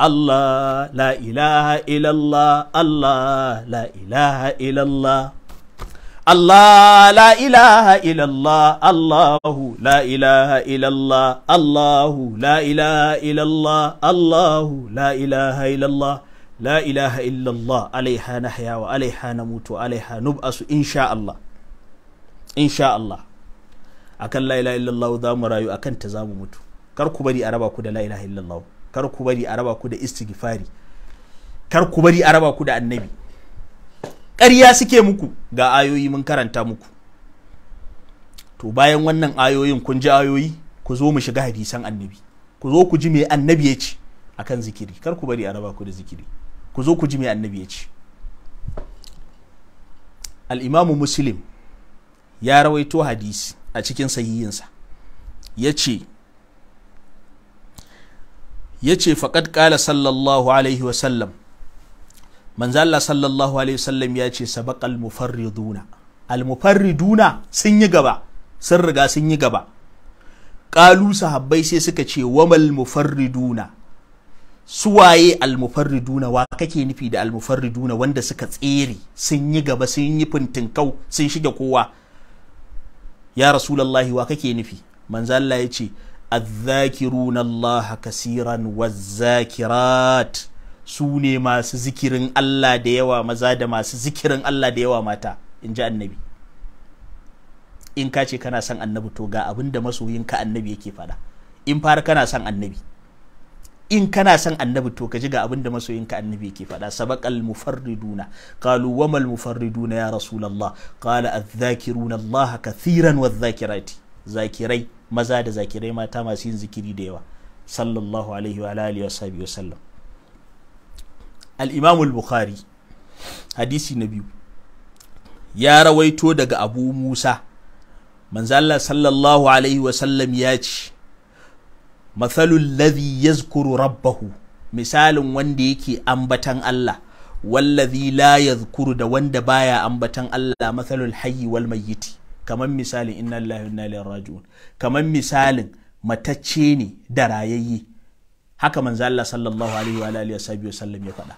Allah la ilaha illallah Allah la ilaha illallah Allah la ilaha illallah Allahu la ilaha illallah Allahu la ilaha illallah Allahu la ilaha illallah la ilaha illallah alaiha nahya wa alaiha namutu alaiha nub'asu insha Allah insha Allah akan la ilaha illallah za mu rayu akan ta mutu kar ku bari a raba ku da la ilaha illallah ku bari a ku da istighfari kar ku bari a raba ku da annabi ƙarya suke muku ga ayoyi mun karanta muku to bayan wannan ayoyin kun ji ayoyi ku zo mu shiga hadisan annabi ku zo ku ji me annabi ya ce akan zikiri kar ku bari a raba ku da zikiri ku zo ku ji me annabi ya ce al Musulim muslim ya rawaito hadisi a cikin sahihinsa ya ce ya ce faƙad ƙala sallallahu alaihi wasallam Manzalla Allah sallallahu alaihi wasallam ya ce sabaqal mufarriduna al mufarriduna sun yi gaba sun riga sun yi gaba qalu sahabbai sai suka ce wamal mufarriduna suwaye almufarriduna wa kake nufi da almufarriduna wanda suka tsere sun yi gaba sun yi fintinkau sun shige kowa ya rasulallahi wa kake nufi Manzalla Allah ya ce الذاكرون الله كثيرا والذاكرات su ne masu zikirin Allah da yawa maza da masu zikirin Allah da yawa mata in ji annabi in ka ce kana son annabi to ga abin da masoyinka annabi yake faɗa in fara kana son annabi in kana son annabi to ka ji ga abin da masoyinka annabi yake faɗa sabaqal mufarriduna qalu wa mal mufarriduna ya rasulullah qala adh-dhakiruna Allah kathiran wadh-dhakirati zakirai maza da zakirai mata masu yin zikiri da yawa sallallahu alaihi wa alihi wa sallam al bukhari hadisi na biyu ya rawaito daga Abu Musa manzo Allah sallallahu alaihi wa sallam ya ce mathalul ladhi yazkuru rabbahu misalin wanda yake ambatan Allah wallazi la yadhkuru da wanda baya ambatan Allah mathalul hayyi wal mayyiti Kamar misalin inna lillahi wa inna ilaihi raji'un misalin matacce ne da rayayye haka manzo Allah sallallahu alaihi wa alihi wasallam ya faɗa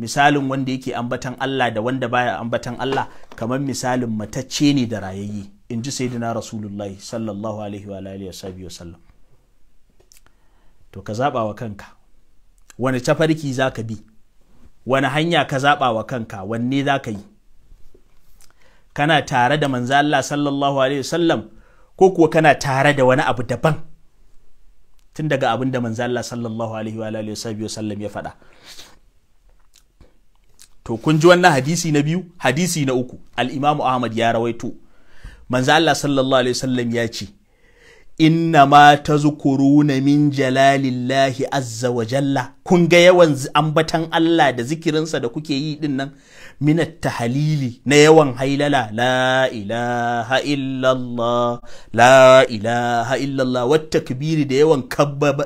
misalin wanda yake ambatan Allah da wanda baya ambatan Allah kamar misalin matacce ne da rayayye in ji sayyidina rasulullahi sallallahu alaihi wa alihi wasallam to ka zaba wa kanka wani tafarki zaka bi wani hanya ka zaba wa kanka wanne zaka yi kana tare da manzo Allah sallallahu alaihi wasallam ko kuwa kana tare da wani abu daban tun daga abin da manzo sallallahu alaihi wa alihi wa sallam ya faɗa to kun ji wannan hadisi na biyu hadisi na uku al imamu Ahmad ya rawaito manzo sallallahu alaihi wasallam ya ce inna ma tazkuruna min jalalillahi azza wa jalla kun ga yawan ambatan Allah da zikirinsa da kuke yi din nan minat tahalili na yawan hailala la ilaha illallah la ilaha illallah wata kabiri da yawan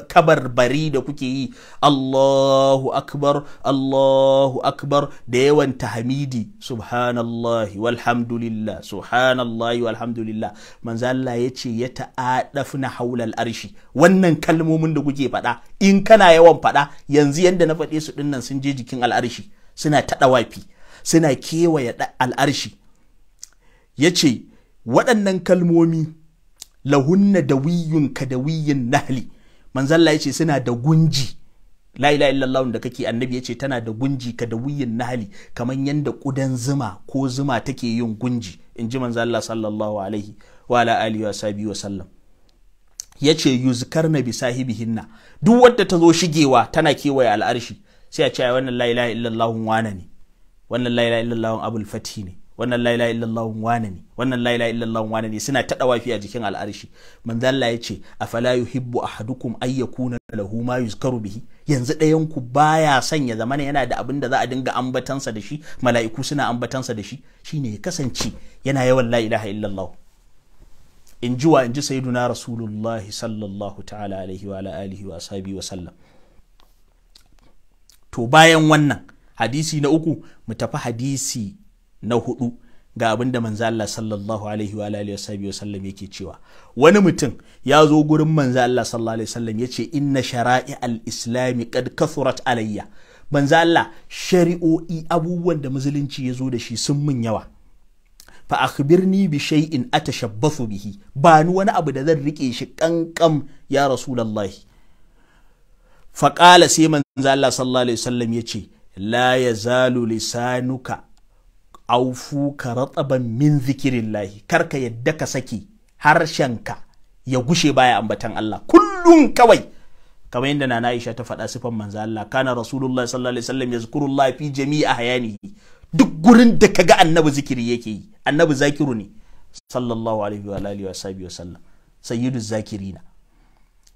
kabarbari da kuke yi Allahu akbar Allahu akbar da yawan tahmidi subhanallahi walhamdulillah subhanallahi walhamdulillah manzo yace ya ta'adafu na haulal arshi wannan kalmomin da kuke faɗa in kana yawan faɗa yanzu yanda na faɗe su ɗinnan sun je jikin al'arshi suna ta ɗawafi suna kewaye al'arshi ya ce waɗannan kalmomi lahunna da wiyun ka da wiyin nahli manzalla ya ce suna da gunji la illallah da kake annabi ya ce tana da gunji ka da wiyin nahali kamar yadda ƙudan zuma ko zuma take yin gunji in ji manzalla sallallahu alaihi wa ala alihi wa sahbihi wa sallam ya ce na bi sahibihinna duk wadda ta zo shigewa tana kewaye al'arshi sai a ce wannan la ilaha illallah wana ne wannan laila ilaha abul fati ne wannan laila ilaha wane ne wannan laila ilaha wane ne suna taɗa wafi a jikin al'arshi manzan la ya ce afala yuhibbu ahadukum ay yakuna lahu ma yuzkaru bihi yanzu ɗayan ku baya son ya zamana yana da abin da za a dinga ambatansa da shi mala'iku suna ambatansa da shi shine ya kasance yana yawan la ilaha illallah in ji wa in ji sayyiduna rasulullahi sallallahu ta'ala alaihi wa alihi wa sallam to bayan wannan hadisi na uku mu tafi hadisi na hudu ga abin da manzo Allah sallallahu alaihi wa alihi wasallam yake cewa wani mutum ya zo gurin manzo Allah sallallahu alaihi wasallam yace inna shara'i'al al-islam qad kathurat alayya manzo Allah shari'o'i abubuwan da musulunci ya zo da shi sun mun yawa fa akhbirni bi shay'in atashabbathu bihi ba ni wani abu da zan rike shi kankam ya rasulullahi fa qala sai manzo Allah sallallahu alaihi wasallam yace la ya zalu lisanuka aufu ka min zikirin lahi karka yadda ka saki harshenka ya gushe baya ambatan Allah kullum kawai kamar yadda na Aisha ta faɗa sifan manzo Allah kana rasulullahi sallallahu alaihi wasallam yazkurullahi fi jami'i hayani. duk gurin da kaga annabi zikiri yake yi annabi zakiru ne sallallahu alaihi wa alihi wa sallam sayyidu zakirina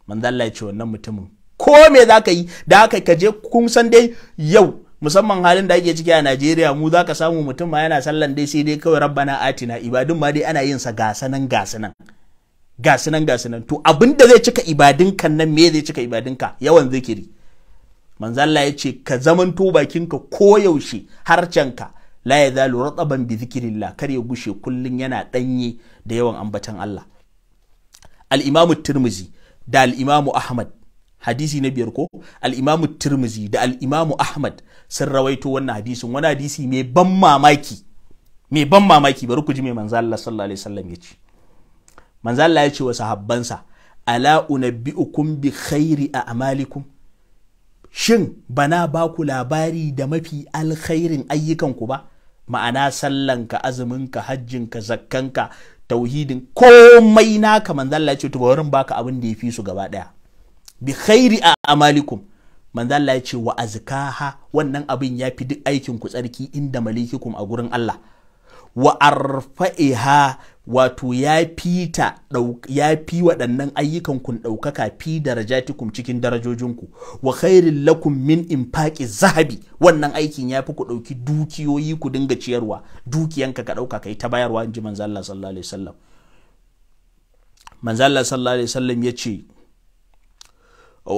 manzo Allah ya ce wannan mutumin ko me za ka yi da haka ka je kun san dai yau musamman halin da ake ciki a Najeriya mu za ka samu mutum ma yana sallan dai sai dai kawai rabbana atina ibadun ma dai ana yin sa gasanan gasanan gasanan gasanan to abin da zai cika ibadun kan nan me zai cika ibadun ka yawan zikiri manzalla ya ce ka zamanto ka koyaushe ka. la ya zalu rataban bi zikrillah kar ya gushe kullun yana danye da yawan ambatan Allah al-imamu tirmizi da al-imamu ahmad hadisi na biyar ko al'imamu tirmizi da al'imamu ahmad sun rawaito wannan hadisin wani hadisi mai ban mamaki mai ban mamaki bari ku ji mai manzo Allah sallallahu alaihi wasallam ya ce manzo ya ce wa sahabbansa ala unabbi'ukum bi khairi a amalikum shin bana ba ku labari da mafi alkhairin ayyukan ku ba ma'ana sallanka azuminka hajjinka zakkanka tauhidin komai naka manzo ya ce to wurin baka abin da ya fi su gaba daya bi khairi a amalikum manzo Allah ya ce wa azkaha wannan abin ya fi duk aikin ku tsarki inda malikikum a gurin Allah wa arfa'iha wato ya fi ta ya fi waɗannan ayyukan kun ɗaukaka fi darajatikum cikin darajojinku wa khairin lakum min infaqi zahabi wannan aikin ya fi ku ɗauki dukiyoyi ku dinga ciyarwa dukiyanka ka ɗauka kai ta bayarwa in ji manzo Allah sallallahu alaihi wasallam manzo Allah sallallahu alaihi wasallam ya ce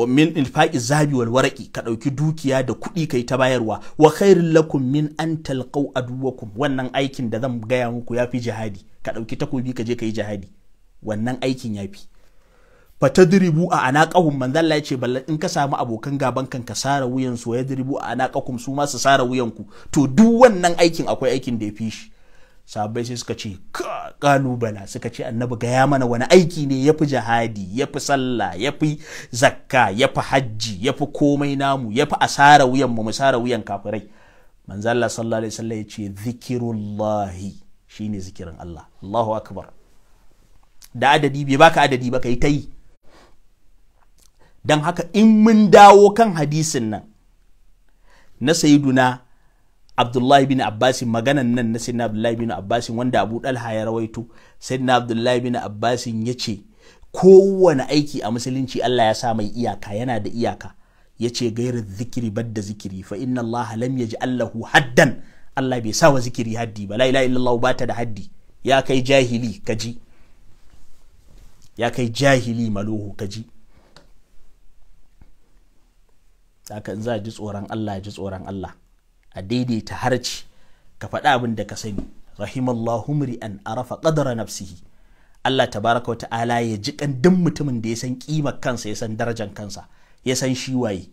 min infaqi zabi wal waraqi ka dauki dukiya da kuɗi kai ta bayarwa wa khairul lakum min an talqau aduwakum wannan aikin da zan gaya muku yafi jihadi ka dauki takobi ka je kai jihadi wannan aikin yafi fatadribu a anaqahum manzalla zalla yace balla in ka samu abokan gaban kan ka sara wuyan su ya dribu a anaqakum su ma su sara wuyan ku to duk wannan aikin akwai aikin da ya yafi shi sahabbai sai suka ce kalubala suka ce annabi gaya mana wani aiki ne ya fi jihadi ya fi sallah ya fi zakka ya fi hajji ya fi komai namu ya fi asara wuyan mu musara wuyan kafirai manzo Allah sallallahu alaihi wasallam ya ce zikirullahi shine zikirin Allah Allahu akbar da adadi bai baka adadi ba kai ta yi don haka in mun dawo kan hadisin nan na sayyiduna abdullahi bin Abbas maganan nan na sayyidina abdullahi bin Abbas, wanda abu dalha ya rawaito sayyidina abdullahi bin Abbas ya ce kowane aiki a musulunci allah ya sa mai iyaka yana da iyaka ya ce "Gairu, zikiri badda zikiri fa inna allaha lam ji, allahu haddan allah bai sa wa zikiri haddi ba la ilaha illallah ba ta da haddi ya kai jahili kaji ya kai jahili maluhu kaji haka in za ji tsoron allah ji tsoron allah a daidaita harci ka faɗa abin da ka sani rahimallahu mri'an arafa qadara nafsihi Allah tabaraka wa ta'ala ya ji kan duk mutumin da ya san kimar kansa ya san darajar kansa ya san shi waye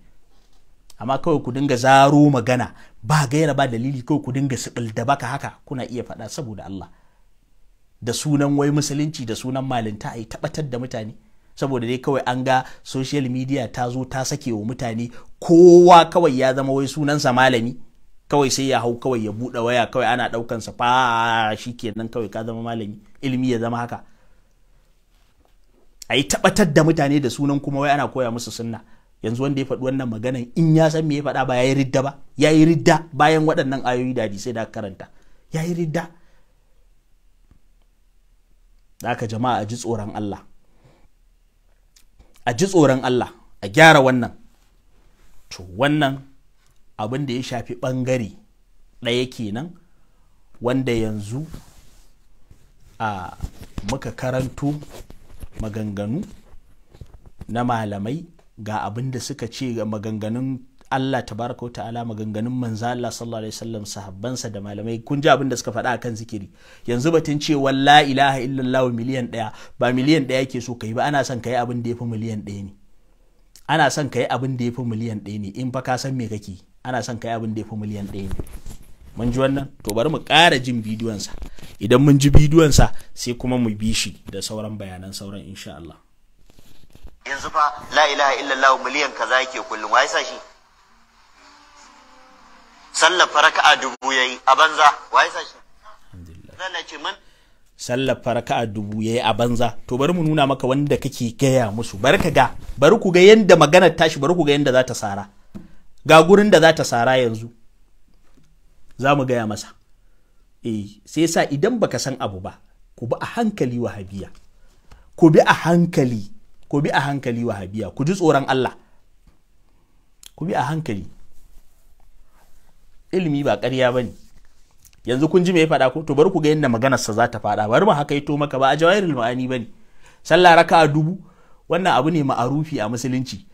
amma kawai ku dinga zaro magana ba gaira ba dalili kawai ku dinga sibil da baka haka kuna iya faɗa saboda Allah da sunan wai musulunci da sunan malinta a yi tabbatar da mutane saboda dai kawai an ga social media ta zo ta sake wa mutane kowa kawai ya zama wai sunansa malami kawai sai ya hau kawai ya buɗe waya kawai ana ɗaukan sa fa kenan kawai ka zama malami ilimi ya zama haka a yi tabbatar da mutane da sunan kuma wai ana koya musu sunna yanzu wanda ya faɗi wannan maganan in ya san me ya faɗa ba ya ridda ba ya ridda bayan waɗannan ayoyi da sai da karanta ya ridda haka jama'a a ji tsoron Allah a ji tsoron Allah a gyara wannan to wannan abin da ya shafi bangare ɗaya kenan wanda yanzu a muka karanto maganganu na malamai ga abin da suka ce ga maganganun Allah tabaraka ta'ala maganganun manzo Allah sallallahu alaihi wasallam sahabbansa da malamai kun ji abin da suka faɗa akan zikiri yanzu batun ce walla ilaha illallah miliyan daya ba miliyan ɗaya yake so kai ba ana son kai abin da yafi miliyan ɗaya ne ana son kai abin da yafi miliyan ɗaya ne in fa ka san me kake ana son kai abin da ya fi miliyan ɗaya ne mun ji wannan to bari mu ƙara jin bidiyonsa idan mun ji bidiyonsa sai kuma mu bi shi da sauran bayanan sauran insha Allah yanzu fa la ilaha illallah miliyan kaza yake kullum wai sa shi sallar faraka'a dubu yayi a banza wai sa shi alhamdulillah ce mun sallar faraka'a dubu yayi a banza to bari mu nuna maka wanda kake gaya musu bari ka ga bari ku ga yanda magana tashi bari ku ga yanda za ta sara ga gurin da za ta sara yanzu za mu gaya masa eh sai sa idan baka san abu ba ku bi a hankali wahabiya ku bi a hankali ku bi a hankali wahabiya ku ji tsoron Allah ku bi a hankali ilimi ba ƙarya bane yanzu kun ji me ya faɗa ko to bari ku ga yadda maganarsa za ta faɗa bari mu haka to maka ba a jawairul ma'ani bane sallah raka'a dubu wannan abu ne ma'arufi a musulunci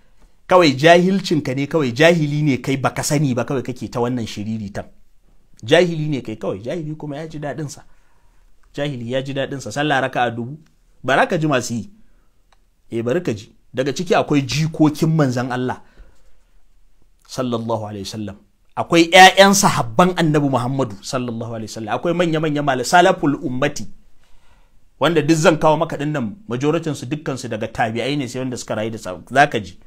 kawai jahilcinka ne kawai jahili ne kai baka sani ba kawai kake ta wannan shiriritan jahili ne kai kawai jahili kuma ya ji daɗinsa jahili ya ji daɗinsa sallah raka a dubu bara ka ji masu yi e bari ka ji daga ciki akwai jikokin manzan Allah sallallahu alaihi wasallam akwai ƴaƴan sahabban annabi Muhammadu sallallahu alaihi wasallam akwai manya manya mal salaful ummati wanda duk zan kawo maka dinnan majoritin su dukkan su daga tabi'ai ne sai wanda suka rayu da zaka ji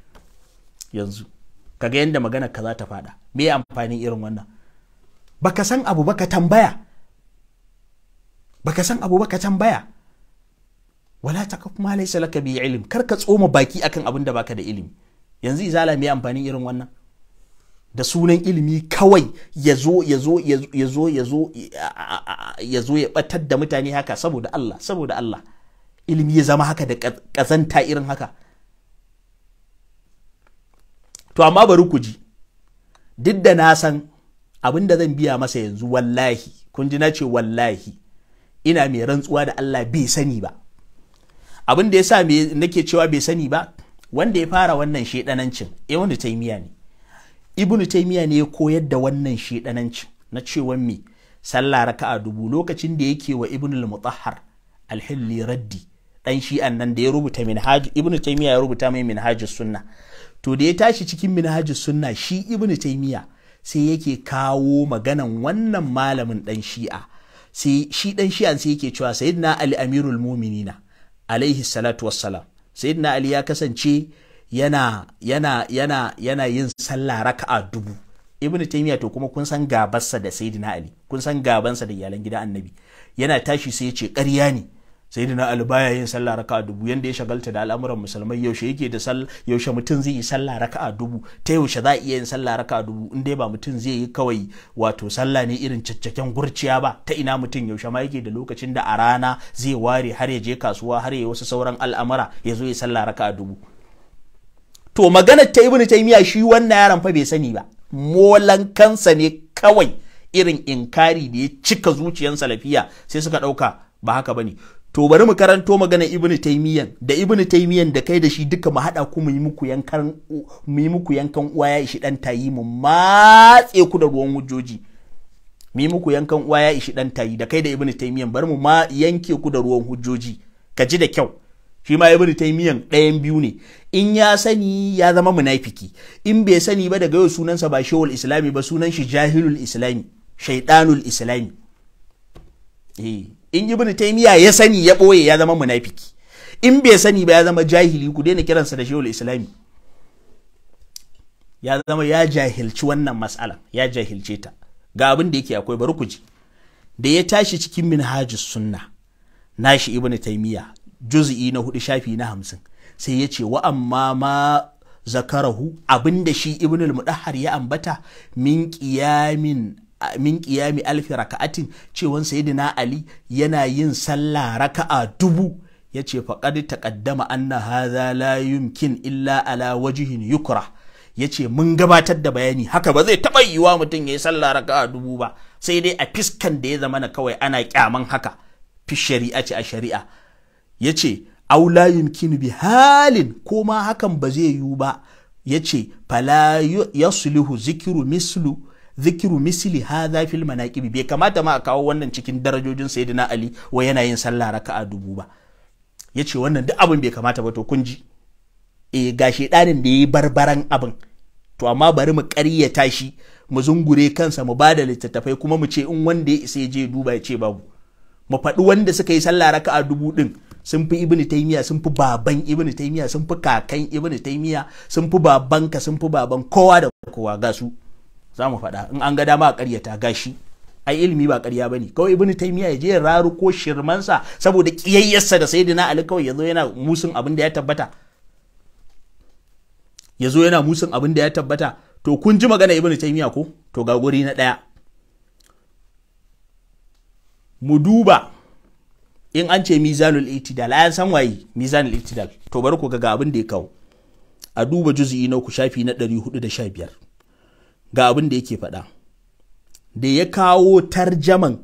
yanzu kaga yadda magana ka za ta faɗa me amfanin irin wannan baka san abu baka tambaya baka san abu baka tambaya wala taqaf ma laysa laka bi ilm kar ka tsoma baki akan abin da baka da ilimi yanzu izala me amfanin irin wannan da sunan ilimi kawai ya zo ya zo ya zo ya zo ya zo ya batar da mutane haka saboda Allah saboda Allah ilimi ya zama haka da kazanta irin haka to amma bari ku ji duk da na san abin da zan biya masa yanzu wallahi kun ji na ce wallahi ina mai rantsuwa da Allah bai sani ba abin da yasa me nake cewa bai sani ba wanda ya fara wannan shedanancin eh, ibnu taimiya ne ibnu taimiya ne ya koyar da wannan shedanancin na cewa me sallah raka'a dubu lokacin da yake wa ibnu al-mutahhar al-hilli raddi dan shi'an nan da ya rubuta minhaj ibnu taymiya ya rubuta mai minhajus sunna to da ya tashi cikin minhajus sunna shi ibnu taymiya sai yake kawo maganan wannan malamin dan shi'a sai shi dan shi'an sai yake cewa sayyidina ali amirul mu'minina alaihi salatu wassalam sayyidina ali ya kasance yana yana yana yana yin sallah raka'a dubu ibnu taymiya to kuma kun san gabarsa da sayyidina ali kun san gabansa da iyalan gidan annabi yana tashi sai ya ce ƙarya ne sayyidina ali albaya yin sallah raka a dubu yanda ya shagalta da al'amuran musulmai yaushe yake da sal yaushe mutum zai yi sallah raka a dubu ta yaushe za a iya yin sallah raka a dubu in dai ba mutum zai yi kawai wato sallah ne irin caccaken gurciya ba ta ina mutum yaushe ma yake da lokacin da a rana zai ware har ya je kasuwa har ya wasu sauran al'amura ya zo ya sallah raka a dubu to maganar ta ibnu taymiya shi wannan yaron fa bai sani ba molan kansa ne kawai irin inkari da ya cika zuciyar salafiya sai suka ɗauka ba haka bane to bari mu karanto magana ibnu taymiyan da ibnu taymiyan da kai da shi duka mu hada ku mu yi muku yankan mu yi muku yankan uwa ya ishi dan tayi mu matse ku da ruwan hujjoji mu yi muku yankan uwa ya ishi dan tayi da kai da ibnu taymiyan bari mu ma yanke ku da ruwan hujjoji ka ji da kyau shi ma ibnu taymiyan ɗayan biyu ne in ya sani ya zama munafiki in bai sani ba daga yau sunansa ba shehul islami ba sunan shi jahilul islami shaidanul islami eh in ibn taymiya ya sani ya ɓoye ya zama munafiki in bai sani ba ya zama jahili ku daina kiransa da shehul islami ya zama ya jahilci wannan mas'ala ya jahilce ta ga abin da yake akwai bari ku ji da ya tashi cikin minhajus sunna nashi ibn taymiya juz'i na hudu shafi na hamsin sai ya ce wa amma ma zakarahu abinda shi ibn al-mudahhar ya ambata min qiyamin min kiyami alfi raka'atin cewan sayyidina ali yana yin sallah raka'a dubu yace faqad taqaddama anna hadha la yumkin illa ala wajhin yukra yace mun gabatar da bayani haka ba zai taba yiwa mutum yayi sallah raka'a dubu ba sai dai a fiskan da ya zama na kawai ana kyaman haka fi shari'a ce a shari'a yace aw la yumkin bi halin ko ma hakan ba zai yiwu ba yace fala yasluhu zikru mislu zikiru misli hadha fil manaqibi bai kamata ma a kawo wannan cikin darajojin sayyidina ali wa yana yin sallah raka'a dubu ba yace wannan duk abin bai kamata ba to kun ji eh ga shedanin da yayi barbaran abin to amma bari mu ƙaryata shi mu zungure kansa mu bada littattafai kuma mu ce in wanda ya isa ya je duba ya ce babu mu faɗi wanda suka yi sallah raka'a dubu ɗin sun fi ibnu taymiya sun fi baban ibnu taymiya sun fi kakan ibnu taymiya sun fi babanka sun fi baban kowa da kowa ga su za mu faɗa in an ga dama a ƙaryata gashi ai ilimi ba ƙarya bane kawai ibnu taymiya ya je ya raru ko shirmansa saboda kiyayyarsa da sayyidina ali kawai yazo yana musun abin da ya tabbata yazo yana musun abin da ya tabbata to kun ji magana ibnu taymiya ko to ga guri na daya mu duba in an ce mizanul itidal ayan san waye mizanul itidal to bari ku ga abin da ya kawo a duba juz'i na ku shafi na 415 ga abin da yake faɗa da ya kawo tarjaman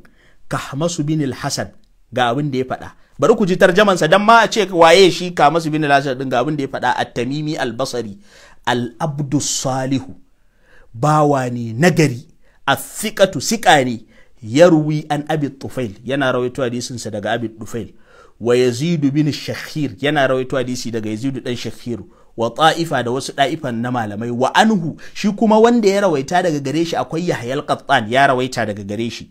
kahmasu bin AlHassan. ga abin da ya faɗa bari ku ji tarjamansa Don ma a ce waye shi kamasu bin AlHassan din ga abin da ya faɗa a tamimi AlBasari al'abdu salihu bawa ne nagari A siqatu sika ne yarwi an Abid tufail yana rawaito hadisinsa daga Abid tufail wa yazidu bin shakhir yana rawaito hadisi daga yazidu dan shakhiru wa ta'ifa da wasu ɗa'ifan na malamai wa anhu shi kuma wanda ya rawaita daga gare shi akwai Yahya al ya rawaita daga gare shi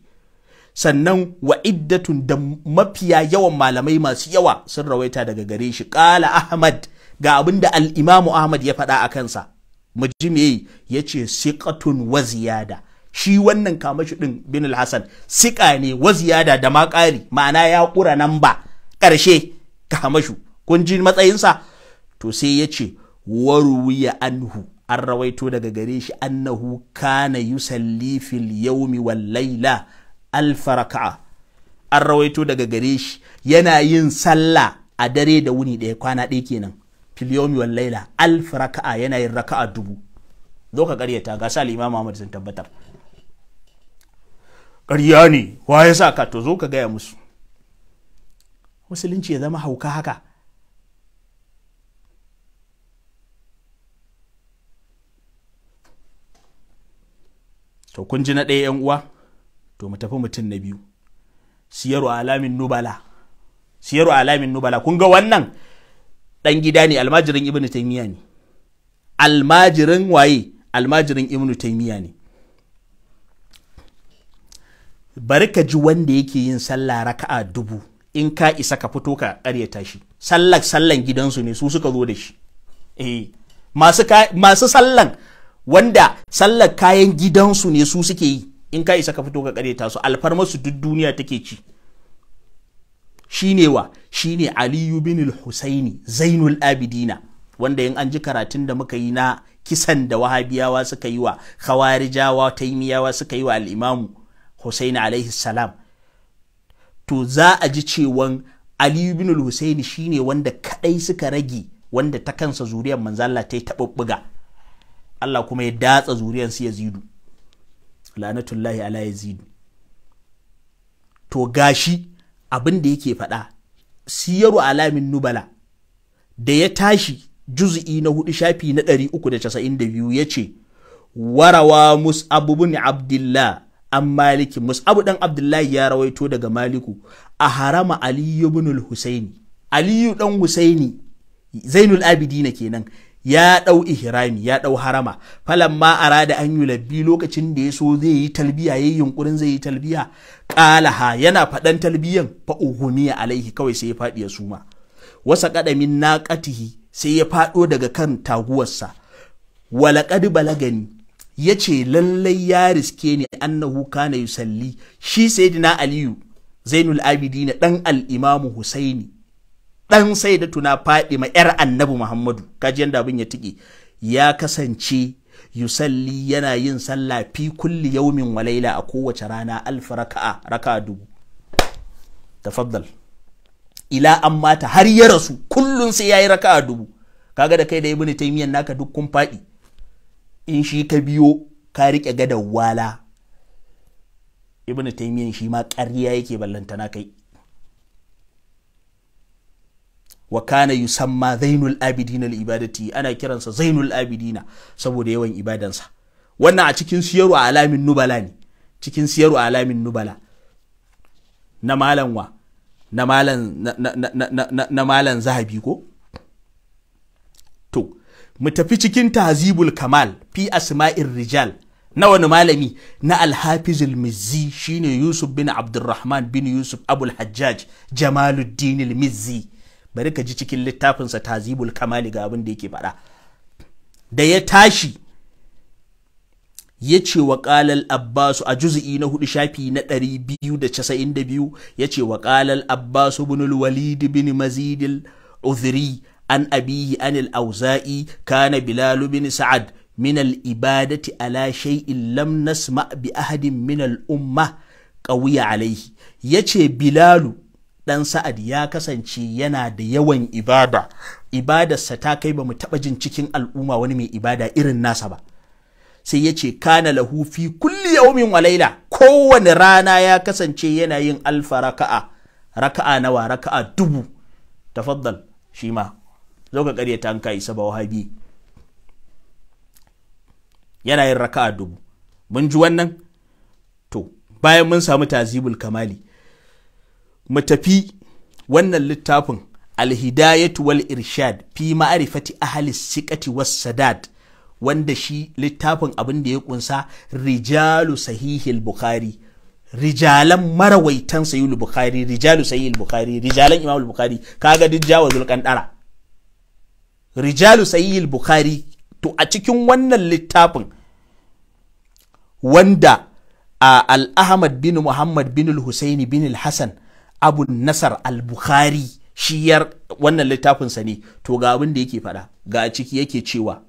sannan wa iddatun da mafiya yawan malamai masu yawa sun rawaita daga gare shi qala ahmad ga abin da al-imamu ahmad ya faɗa a kansa mujmi ya ce siqatun wa ziyada shi wannan kamashi ɗin bin al-hasan siqa ne wa ziyada da ma ƙari ma'ana ya ƙura nan ba ƙarshe kamashu kun ji matsayinsa to sai ya ce waruwiya anhu an rawaito daga gare shi annahu kana yusalli fil yaumi wal laila alfaraka'a an rawaito daga gare shi yana yin sallah a dare da wuni ɗaya kwana ɗaya kenan fil yaumi wal laila alfaraka'a yana yin raka'a dubu zo ka ƙaryata ga sa limam Muhammad sun tabbatar ƙarya ne wa ya sa ka to zo ka gaya musu musulunci ya zama hauka haka to kun ji na ɗaya yan uwa to mu tafi mutum na biyu siyaru alamin nubala siyaru alamin nubala kun ga wannan dan gida ne almajirin ibnu taymiya ne almajirin waye almajirin ibnu taymiya ne bari ka ji wanda yake yin sallah raka'a dubu in ka isa ka fito ka karyata shi sallar sallan gidansu ne su suka zo da shi eh masu sallan wanda sallar kayan gidansu ne su suke yi in ka isa ka fito ka kareta su alfarmar su duk duniya take ci shine wa shine aliyu bin al-husaini zainul abidina wanda in an ji karatun da muka yi na kisan da wahabiyawa suka yi wa khawarijawa taimiyawa suka yi wa al imam husaini alaihi salam to za a ji cewan aliyu bin al-husaini shine wanda kadai suka rage wanda ta kansa zuriyar manzala ta yi taɓuɓɓuga Allah kuma ya datsa zuriyarsu Yazidu lanatullahi ala Yazidu to gashi abin da yake faɗa siyaru alamin nubala da ya tashi juz'i na hudu shafi na ɗari uku da da casa'in biyu ya ce warawa mus'abu bin an maliki mus'abu dan abdullahi ya rawaito daga maliku a harama aliyu bin husaini aliyu dan husaini zainul abidina kenan ya ɗau ihrami ya ɗau harama a rada an labbi, lokacin da ya so zai yi talbiya ya yi yunkurin zai yi talbiya ha yana faɗan talbiyan fa uhumiya alaihi kawai sai ya faɗi ya suma wasa na ƙatihi sai ya faɗo daga kan taguwarsa walaqad balagani yace lallai ya riske ni annahu kana yusalli shi sayyidina aliyu zainul abidin dan al-imamu husaini dan sai da tuna ma yar annabi muhammadu kaji yanda abin ya tiki ya kasance yusalli yana yin sallah fi kulli yaumin wa laila a kowace rana alf raka'a raka'a dubu tafaddal ila amma ta har ya rasu kullun sai yayi raka'a dubu kaga da kai da ibnu taymiyan naka duk kun faɗi. in shi ka biyo ka rike gadan wala ibnu taymiyan shi ma ƙarya yake ballantana kai wa kana yusamma zainul abidina ibadati ana kiransa zainul abidina saboda yawan ibadansa wannan a cikin siyaru alamin nubala ne cikin siyaru alamin nubala na malan wa na malan zahabi ko to mu tafi cikin tahzibul kamal fi asma'ir rijal na wani malami na alhafizul mizzi shine yusuf bin abdurrahman bin yusuf abul hajjaj jamaluddin mizzi bari ka ji cikin littafinsa ta zibul kamali ga abin da yake faɗa da ya tashi ya ce wa ƙalal abbasu a juzi'i na hudu shafi na ɗari biyu da biyu ya ce wa ƙalal abbasu bin walid bin mazidil uzri an abihi an auza'i kana bilalu bin sa'ad min al'ibadati ibadati ala shay'in lam nasma bi ahadin min al'umma umma alaihi ya ce bilalu dan sa'ad ya kasance yana da yawan ibada ibadarsa ta kai ba mu taɓa jin cikin al'umma wani mai ibada irin nasa ba sai ya ce kana lahufi fi kulli yawmin wa laila kowane rana ya kasance yana yin alfa raka'a raka'a nawa raka'a dubu tafaddal shi ma zo ka karyata ta kai saba wahabi yana yin raka'a dubu mun ji wannan to bayan mun samu tazibul kamali mu tafi wannan littafin alhidayatu wal irshad fi ma'arifati ahli sikati was sadad wanda shi littafin abin da ya kunsa rijalu sahihil bukhari rijalan marawaitan sahihul bukhari rijalu sahihil bukhari rijalan Imam bukhari kaga duk kandara rijalu sahihil bukhari to a cikin wannan littafin wanda a al-ahmad bin muhammad bin al-husaini bin al-hasan abu nasar al-bukhari shiyar wannan littafinsa ne to ga abin da yake faɗa ga ciki yake cewa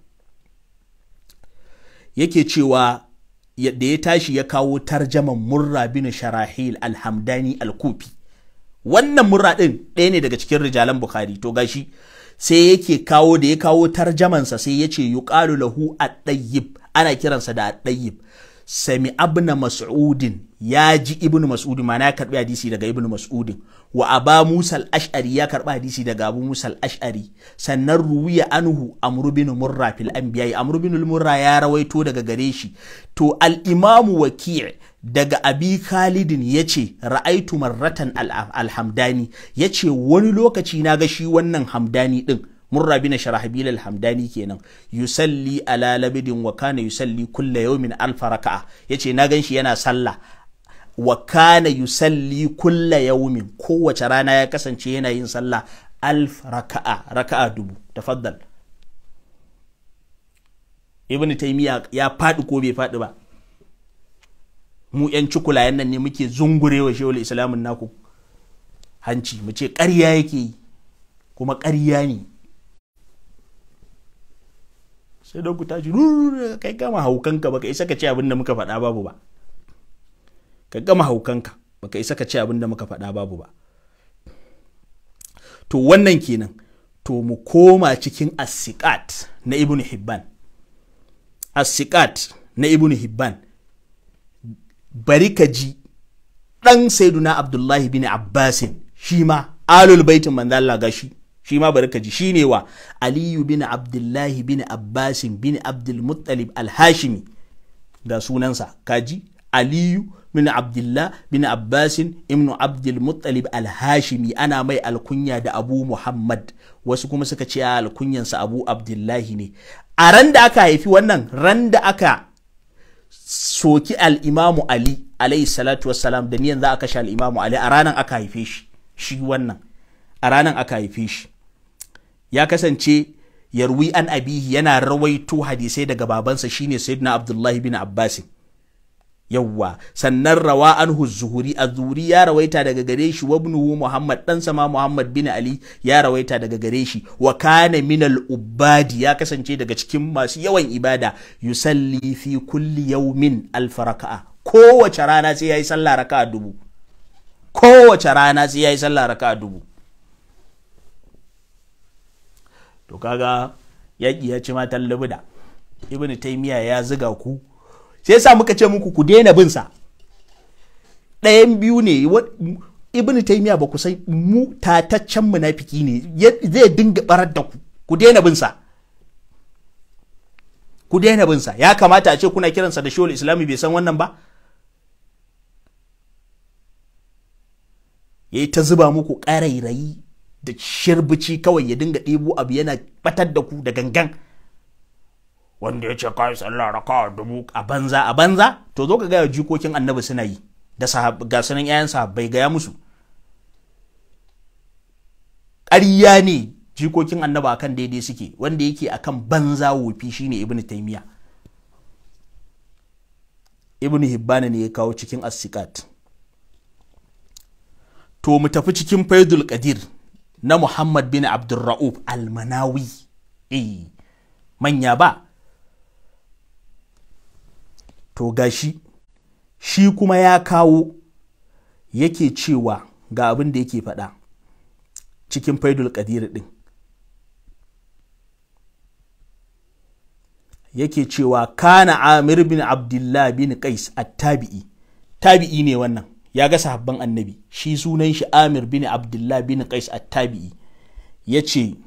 yake cewa da ya tashi ya kawo tarjaman murra bin sharahil alhamdani alkufi wannan murra din ɗaya ne daga cikin rijalan bukhari to gashi sai yake kawo da ya kawo tarjamansa sai yace ce yuqalu lahu at ana kiransa da at sami abna mas'udin ya ji ibnu mas'udin mana ya karbi hadisi daga ibnu mas'udin wa aba musa al-ash'ari ya karbi hadisi daga abu musa al-ash'ari sannan ruwiya anhu amru bin murra fil anbiya amru bin murra ya rawaito daga gare shi to al-imam waki' daga abi khalidin yace ra'aitu marratan al-hamdani yace wani lokaci na ga shi wannan hamdani din murra bin sharahabil alhamdani kenan yusalli ala labidin wa kana yusalli kulla yawmin alf raka'a yace na ganshi yana sallah wa kana yusalli kulla yawmin kowace rana ya kasance yana yin sallah alf raka'a raka'a dubu tafaddal ibn taymiya ya faɗi ko bai faɗi ba mu yan cikulayen nan ne muke zungurewa shehul islamin naku hanci mu ce ƙarya yake yi kuma ƙarya ne sai don ku tashi kai gama haukanka baka isa ka ce abin da muka faɗa babu ba ka gama haukanka baka isa ka ce abin da muka faɗa babu ba to wannan kenan to mu koma cikin asikat na ibnu hibban asikat na ibnu hibban bari ka ji ɗan saiduna abdullahi bin abbasin shi ma alul baitin manzo Allah gashi shi ma bari ka ji ne wa aliyu bin abdullahi bin abbasin bin abdulmuttalib alhashimi da sunansa kaji aliyu bin abdullah bin abbasin ibnu abdulmuttalib alhashimi ana mai alkunya da abu muhammad wasu kuma suka ce alkunyansa abu abdullahi ne a ran da aka haifi wannan ran da aka soki al'imamu ali alayhi salatu wassalam da niyan za a kashe al'imamu ali a ranan aka haife shi shi wannan a ranan aka haife shi ya kasance yarwi an abihi yana rawaito hadisai daga babansa shine sayyidina abdullahi bin abbas yawwa sannan rawa anhu zuhuri a zuhuri ya rawaita daga gare shi wa muhammad dan sama muhammad bin ali ya rawaita daga gare shi wa kana min al-ubadi ya kasance daga cikin masu yawan ibada yusalli fi kulli yawmin alf kowace rana sai yayi sallah raka'a dubu kowace rana sai yayi sallah raka'a dubu to kaga yaƙi ya ci matan libida ibn taimiya ya ziga ku sai yasa muka ce muku ku daina bin sa ɗayan biyu ne ibn taimiya ba ku san mu tataccen munafiki ne zai dinga barar da ku ku daina bin sa ku daina bin sa ya kamata a ce kuna kiransa da shehul islami bai san wannan ba yayi ta zuba muku ƙarairayi da shirbici kawai ya dinga ɗebo abu yana batar da ku da gangan wanda ya ce kai sallah raka dubu a banza a banza to zo ka gaya jikokin annabi suna yi da ga sunan yayan sahabbai gaya musu ƙarya ne jikokin annabi akan daidai suke wanda yake akan banza wofi shine ibnu taymiya ibnu hibbana ne ya kawo cikin as to mu tafi cikin faidul qadir na Muhammad bin Abdurra'ub almanawi eh manya ba to gashi shi kuma ya kawo yake cewa ga abin da yake faɗa cikin faidul ƙadir ɗin yake cewa kana amir bin abdullah bin qais at-tabi'i tabi'i ne wannan ya ga sahabban annabi shi sunan shi amir bin abdullah bin qais at-tabi'i ya ce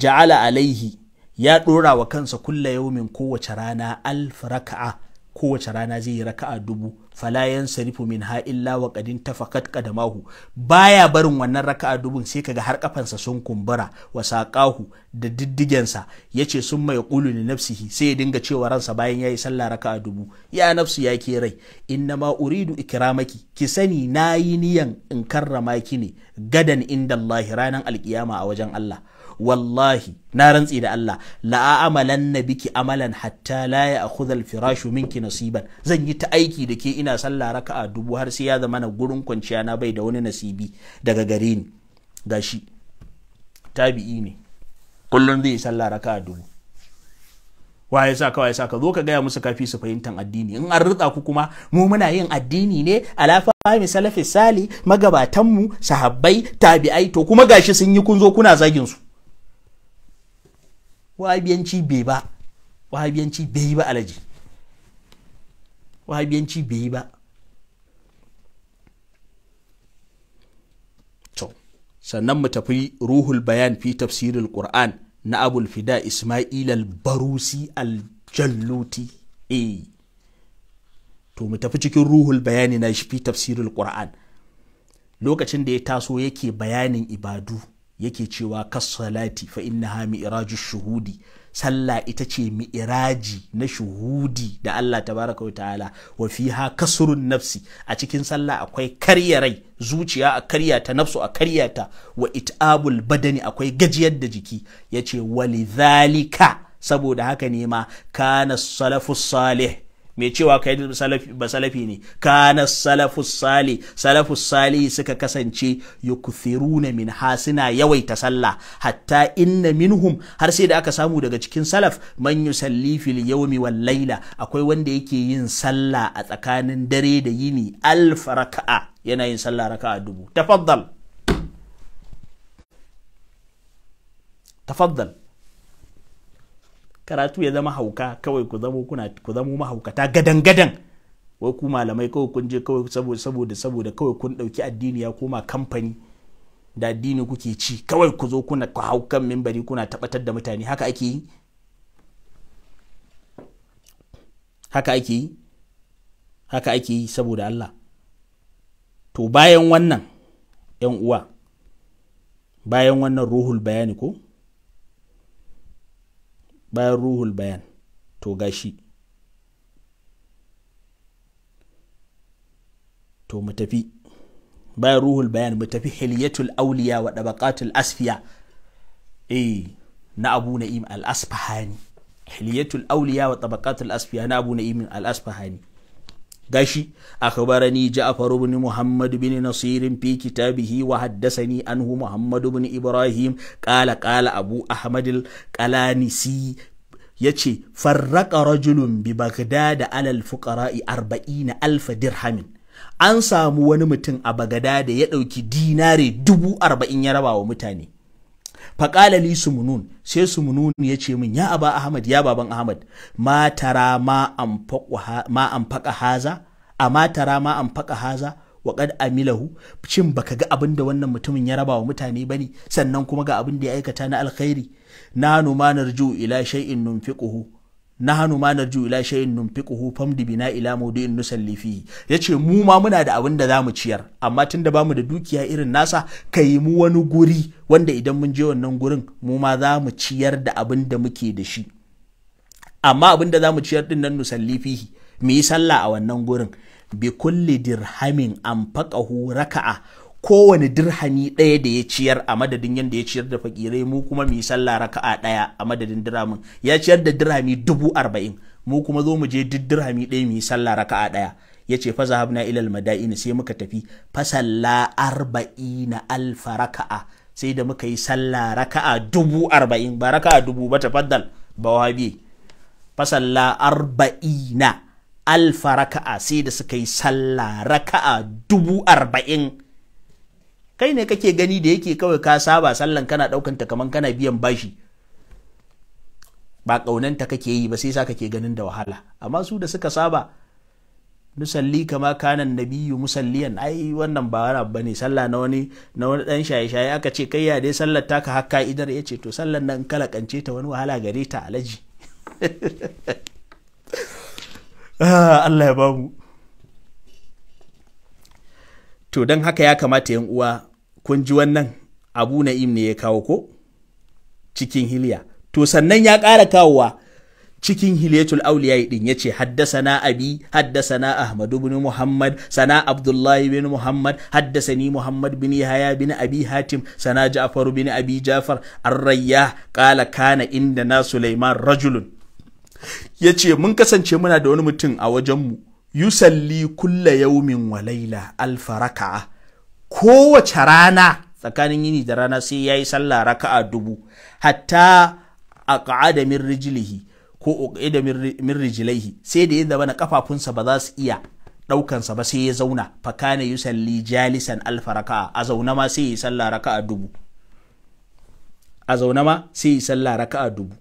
ja'ala alaihi ya ɗora wa kansa kulla yaumin kowace rana alf raka'a kowace rana zai yi raka'a dubu falayan sarifu min ha illa wa kadin tafakat kadamahu baya barin wannan raka'a dubun sai kaga har kafansa sun kumbura wa saqahu da diddigensa yace sun mai qulu li nafsihi sai ya dinga cewa ransa bayan yayi sallah raka'a dubu ya nafsu ya ke rai inna ma uridu ikramaki ki sani nayi niyan in karrama ki ne gadan inda Allah ranan alkiyama a wajen Allah wallahi na rantsi da Allah la'amalan na biki amalan hatta la ya akhudhal firashu minki nasiban zan yi ta aiki da ke ina sallah raka'a dubu har sai ya zama na gurin kwanciya na bai da wani nasibi daga gare ni gashi tabi'i ne kullum zai sallah raka'a dubu wa ya saka wa ya saka zo ka gaya musu kafi su fahimtar addini in an rutsa ku kuma mu muna yin addini ne ala fahimi salafi sali magabatan mu sahabbai tabi'ai to kuma gashi sun yi kun zo kuna zagin su wahabiyanci bai bai yi ba alaji wahabiyanci bai yi ba to sannan mu tafi ruhul bayan fi tafsirul qur'an na abul fida ismail al-barusi al-jalluti eh to mu tafi cikin ruhul bayani na shi fi tafsirul qur'an lokacin da ya taso yake bayanin ibadu yake cewa kasalati fa inna innaha mi'raju shuhudi sallah ita ce mi'raji na shuhudi da Allah tabaraka wa ta'ala wa fiha kasrun nafsi a cikin sallah akwai karya rai zuciya a karya ta nafsu a karya ta wa it'abul badani akwai gajiyar da jiki yace walidhalika saboda haka ne ma kana salafus salih mai cewa kai ba salafi ne kana salafus sali salafus sali suka kasance yukthiruna min hasina yawaita sallah hatta inna minhum har sai da aka samu daga cikin salaf man yusalli fil yawmi wal akwai wanda yake yin sallah a tsakanin dare da yini alf raka'a yana yin sallah raka'a dubu tafaddal tafaddal karatu ya zama hauka kawai ku zamo kuna ku zamo mahaukata gadan gadan wai ku malamai kawai kun je kawai saboda saboda saboda kawai kun dauki addini ya koma kamfani da addini kuke ci kawai ku zo kuna ku hau kan mimbari kuna tabbatar da mutane haka ake yi haka ake yi haka ake yi saboda Allah to bayan wannan yan uwa bayan wannan ruhul bayani ko bayan ruhul bayan to gashi to mu tafi bayan ruhul bayan mu tafi hilyatul auliya wa dabaqatul asfiya eh na abu na'im al-asfahani hilyatul auliya wa dabaqatul asfiya na abu na'im al-asfahani gashi akhbarani ja'far ibn muhammad bin nasir fi kitabihi wa haddathani anhu muhammad ibn ibrahim qala qala abu ahmad al-qalanisi yace farraqa rajulun bi baghdad alal fuqara'i 40 alf dirhamin an samu wani mutum a bagada da ya dauki dinare dubu arba'in ya raba wa mutane faƙala li sumunun sai sumunun ya ce min ya aba ahmad ya baban ahmad ma tara ma an faƙa haza a ma tara ma an faƙa haza wa kad amilahu cin baka ga abin da wannan mutumin ya raba wa mutane ne sannan kuma ga abin da ya aikata na alkhairi na numanar ju ila shay'in nunfiquhu Na hannu ma narju ila shay'in nunfiquhu famdi bina ila mawdi'in nusalli Ya yace mu ma muna da abin da zamu ciyar amma tunda bamu da dukiya irin nasa kai mu wani guri wanda idan mun je wannan gurin mu ma zamu ciyar da abin da muke da shi amma abin da mu ciyar din nan nusalli fihi mu yi sallah a wannan gurin bi kulli dirhamin an raka'a kowane dirhami ɗaya da ya ciyar a madadin yadda ya ciyar da fakirai mu kuma mu yi sallah raka'a ɗaya a madadin dirhamin ya ciyar da dirhami dubu arba'in mu kuma zo mu je duk dirhami ɗaya mu yi sallah raka'a ɗaya ya ce fa zahabna ilal mada'ini sai muka tafi fasalla arba'ina alfa raka'a sai da muka yi sallah raka'a dubu arba'in ba raka'a dubu ba tafaddal ba fasalla arba'ina alfa raka'a sai da suka yi sallah raka'a dubu arba'in kai ne kake gani da yake kawai ka saba sallan kana daukan ta kaman kana biyan bashi ba kaunanta kake yi ba sai sa kake ganin da wahala amma su da suka saba nusalli kama kanan nabiyu musalliyan ai wannan ba wani bane sallah na wani na wani dan shaye shaye aka ce kai ya dai sallar taka hakka idar ya ce to sallar nan kalakance ta wani wahala gare ta alaji ah, Allah ya bamu to don haka ya kamata yan uwa kun ji wannan abu na'im ne ya kawo ko cikin hiliya to sannan ya ƙara kawowa cikin hiliyatul auliya din yace haddasana abi haddasana Ahmadu bin muhammad sana abdullahi bin muhammad haddasani muhammad bin yahaya bin abi hatim sana ja'far bin abi ja'far An qala kana inda na sulaiman rajulun yace mun kasance muna da wani mutum a wajenmu yusalli kulla yaumin walaila alfa raka'a kowace rana tsakanin yini da rana sai ya yi sallah raka'a dubu hatta a ƙa'ada min rijilihi ko ƙa'ada min rijilaihi sai da ya zama na kafafunsa ba za su iya ɗaukansa ba sai ya zauna fakana yusalli jalisan alfa raka'a a zauna ma sai ya yi sallah raka'a dubu a sai ya yi sallah raka'a dubu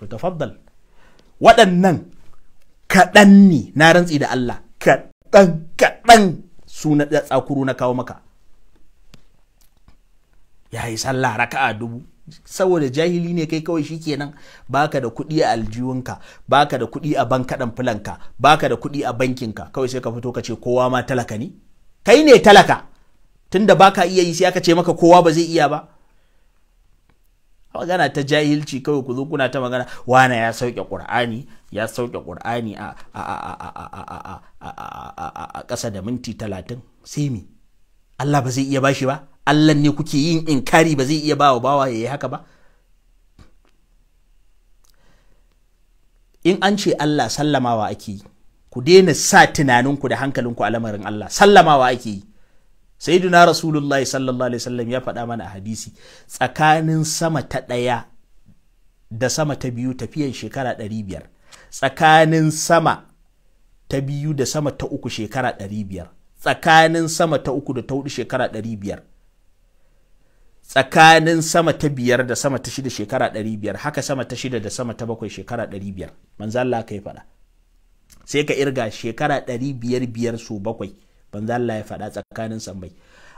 to tafaddal waɗannan kaɗan ne na rantsi da Allah kaɗan kaɗan su na tsakuru na kawo maka ya yi sallah raka a dubu saboda jahili ne kai kawai shi shikenan baka da kuɗi a aljiwinka baka da kuɗi a bankaɗan filanka baka da kuɗi a bankinka kawai sai ka fito ka ce kowa ma talaka ne kai ne talaka tunda baka iya yi sai aka ce maka kowa ba zai iya ba magana ta jahilci kawai ku zo kuna ta magana wana ya sauke qur'ani ya sauke qur'ani a a ƙasa da minti talatin sai me Allah ba zai iya bashi ba Allah ne kuke yin inkari ba zai iya bawa bawa yi haka ba in an ce Allah sallamawa ake yi ku daina sa tunaninku da hankalinku a lamarin Allah sallamawa ake yi sayyidina rasulullahi sallallahu alaihi wasallam ya faɗa mana a hadisi tsakanin sama ta ɗaya da sama ta biyu tafiyan shekara ɗari biyar tsakanin sama ta biyu da sama ta uku shekara ɗari biyar tsakanin sama ta uku da ta hudu shekara ɗari biyar tsakanin sama ta biyar da sama ta shida shekara ɗari biyar haka sama ta shida da sama ta bakwai shekara ɗari biyar manzo Allah ka yi faɗa sai ka irga shekara ɗari biyar biyar su bakwai manzo Allah ya faɗa tsakanin sammai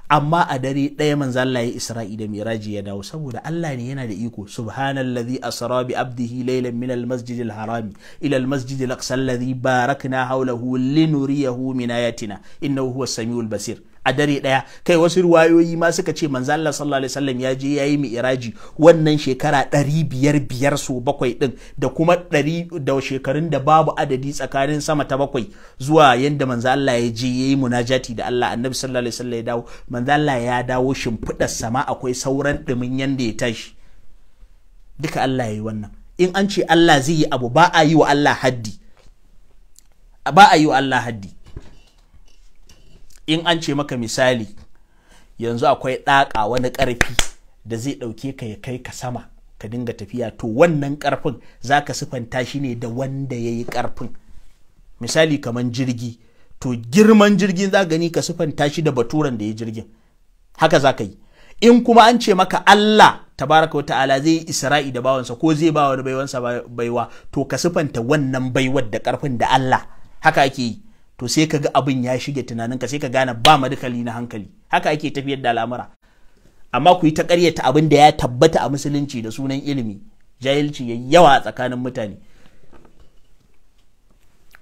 amma a dare ɗaya manzo Allah ya Isra'i da Miraji ya dawo saboda Allah ne yana da iko subhanallazi asra bi abdihi laylan min almasjid alharam ila almasjid alaqsa alladhi barakna hawlahu linuriyahu min ayatina innahu huwa samiul basir a dare ɗaya kai wasu ruwayoyi ma suka ce manzo Allah sallallahu alaihi wasallam ya je yayi mi'raji wannan shekara ɗari biyar biyar so bakwai ɗin da kuma ɗari da shekarun da babu adadi tsakanin sama ta bakwai zuwa yanda manzo Allah ya je yayi munajati da Allah annabi sallallahu alaihi wasallam ya dawo manzo Allah ya dawo shimfiɗar sama akwai sauran ɗumin yanda ya tashi duka Allah ya yi wannan in an ce Allah zai yi abu ba a yi wa Allah haddi ba a yi wa Allah haddi in an ce maka misali yanzu akwai ɗaƙa wani ƙarfi da zai ɗauke ka ya kai ka sama ka dinga tafiya to wannan ƙarfin za ka siffanta shi ne da wanda ya yi ƙarfin misali kamar jirgi to girman jirgin za gani ka siffanta shi da baturan da ya jirgin haka za ka yi in kuma an ce maka Allah tabaraka wa ta'ala zai yi isra'i da bawansa ko zai ba wani baiwansa baiwa to ka siffanta wannan baiwar da ƙarfin da Allah haka ake yi to sai ka ga abin ya shige tunaninka sai ka gane ba madakali na hankali haka ake tafiyar da al'amura amma ku yi ta karyata abin da ya tabbata a musulunci da sunan ilimi jahilci ya yawa a tsakanin mutane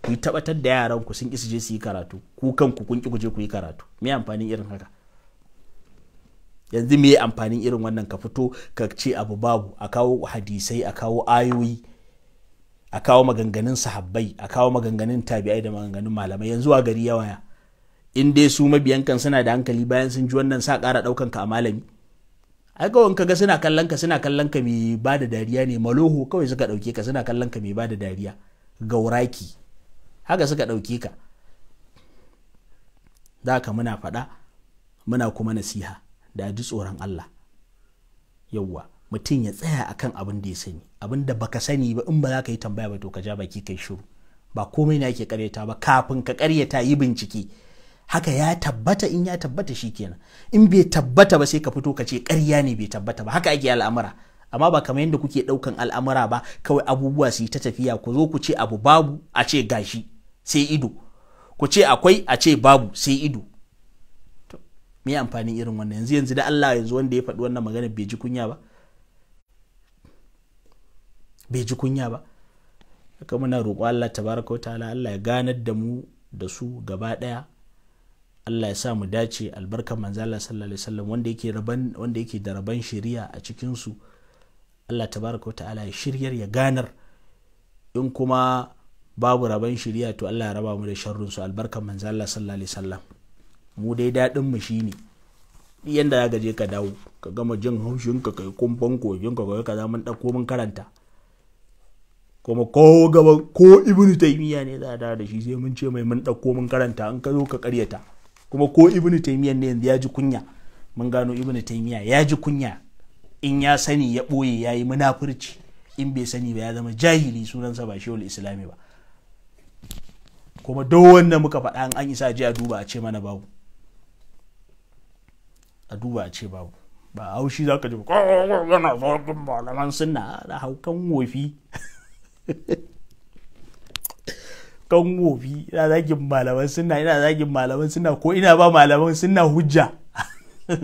ku yi tabbatar da yaran ku sun isa je su yi karatu ku kanku kun ki je ku yi karatu me amfanin irin haka yanzu me amfanin irin wannan ka fito ka ce abu babu a kawo hadisai a kawo ayoyi a kawo maganganun sahabbai a kawo maganganun tabi'ai da maganganun malamai yanzu a gari yawa in dai su mabiyan kan suna da hankali bayan sun ji wannan sa kara ɗaukan ka a malami ai kawai suna kallon ka suna kallon ka mai ba da dariya ne maloho kawai suka ɗauke ka suna kallon ka mai ba da dariya gauraki haka suka ɗauke ka da ka muna faɗa muna kuma nasiha da ji tsoron Allah yawwa mutum ya tsaya a kan abin da ya sani abin da baka sani ba in ba za ka yi tambaya ba to ka ja baki kai shiru ba komai na ke karyata ba kafin ka karyata yi bincike haka ya tabbata in ya tabbata shi kenan in bai tabbata ba sai ka fito ka ce karya ne bai tabbata ba haka ake al'amura amma ba kamar yadda kuke daukan al'amura ba kawai abubuwa su yi ta tafiya ku zo ku ce abu babu a ce gashi sai ido ku ce akwai a ce babu sai ido me amfanin irin wannan yanzu yanzu da Allah yanzu wanda ya faɗi wannan magana bai ji kunya ba bai ji kunya ba haka muna roƙo Allah tabaraka wa ta'ala Allah ya ganar da mu da su gaba ɗaya Allah ya sa mu dace albarkar manzala sallallahu alaihi wasallam wanda yake raban wanda yake da raban shari'a a cikin su Allah tabaraka wa ta'ala ya shiryar ya ganar in kuma babu raban shari'a to Allah ya raba mu da sharrun su albarkar manzala sallallahu alaihi wasallam mu dai daɗin mu shine yanda ya je ka dawo ka gama jin haushinka ka kai kumban kogin ka kai ka mun dauko mun karanta kuma ko gaba ko ibnu taimiya ne za a dawo da shi sai mun ce mai mun ɗauko mun karanta an ka zo ka karyata kuma ko ibnu taymiya ne yanzu ya ji kunya mun gano ibnu taimiya ya ji kunya in ya sani ya ɓoye ya yi munafurci in bai sani ba ya zama jahili sunansa ba shi islami ba kuma duk wanda muka faɗa an isa ji a duba a ce mana babu a duba a ce babu ba haushi za ka ji yana zargin malaman sunna da haukan wofi kan wofi ina zagin malaman sunna ina zagin malaman sunna ko ina ba malaman sunna hujja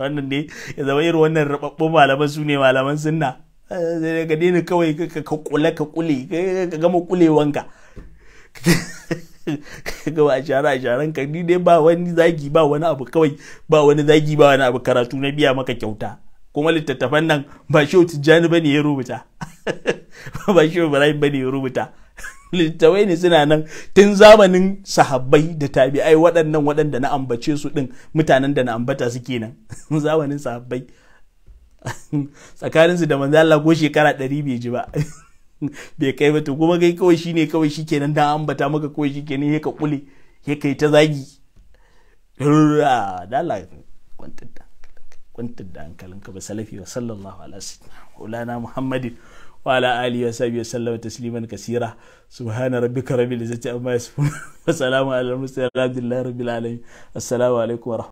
wannan ne ya zama irin wannan rababbun malaman su ne malaman sunna eh, sai ka daina kawai ka kule ka kule ka gama kulewanka ka gama ashara shara sharan ka ni dai ba wani zagi ba wani abu kawai ba wani zagi ba wani abu karatu na biya maka kyauta kuma littattafan nan ba shi tijjani ba ne ya rubuta ba shi Ibrahim bane ya rubuta littawai ne suna nan tun zamanin sahabbai da tabi'ai waɗannan waɗanda na ambace su ɗin mutanen da na ambata su kenan zamanin sahabbai tsakaninsu da manzo Allah ko shekara ɗari bai ji ba bai kai ba to kuma kai kawai shine kawai shikenan dan ambata maka kawai shikenan ya ka kule ya kai ta zagi da Allah kwantar da hankalinka ba salafi wa sallallahu alaihi wa sallam Muhammadin وعلى آله وصحبه وسلم تسليما كثيرا سبحان ربك رب العزة عما يصفون وسلام على المرسلين الحمد لله رب العالمين السلام عليكم ورحمة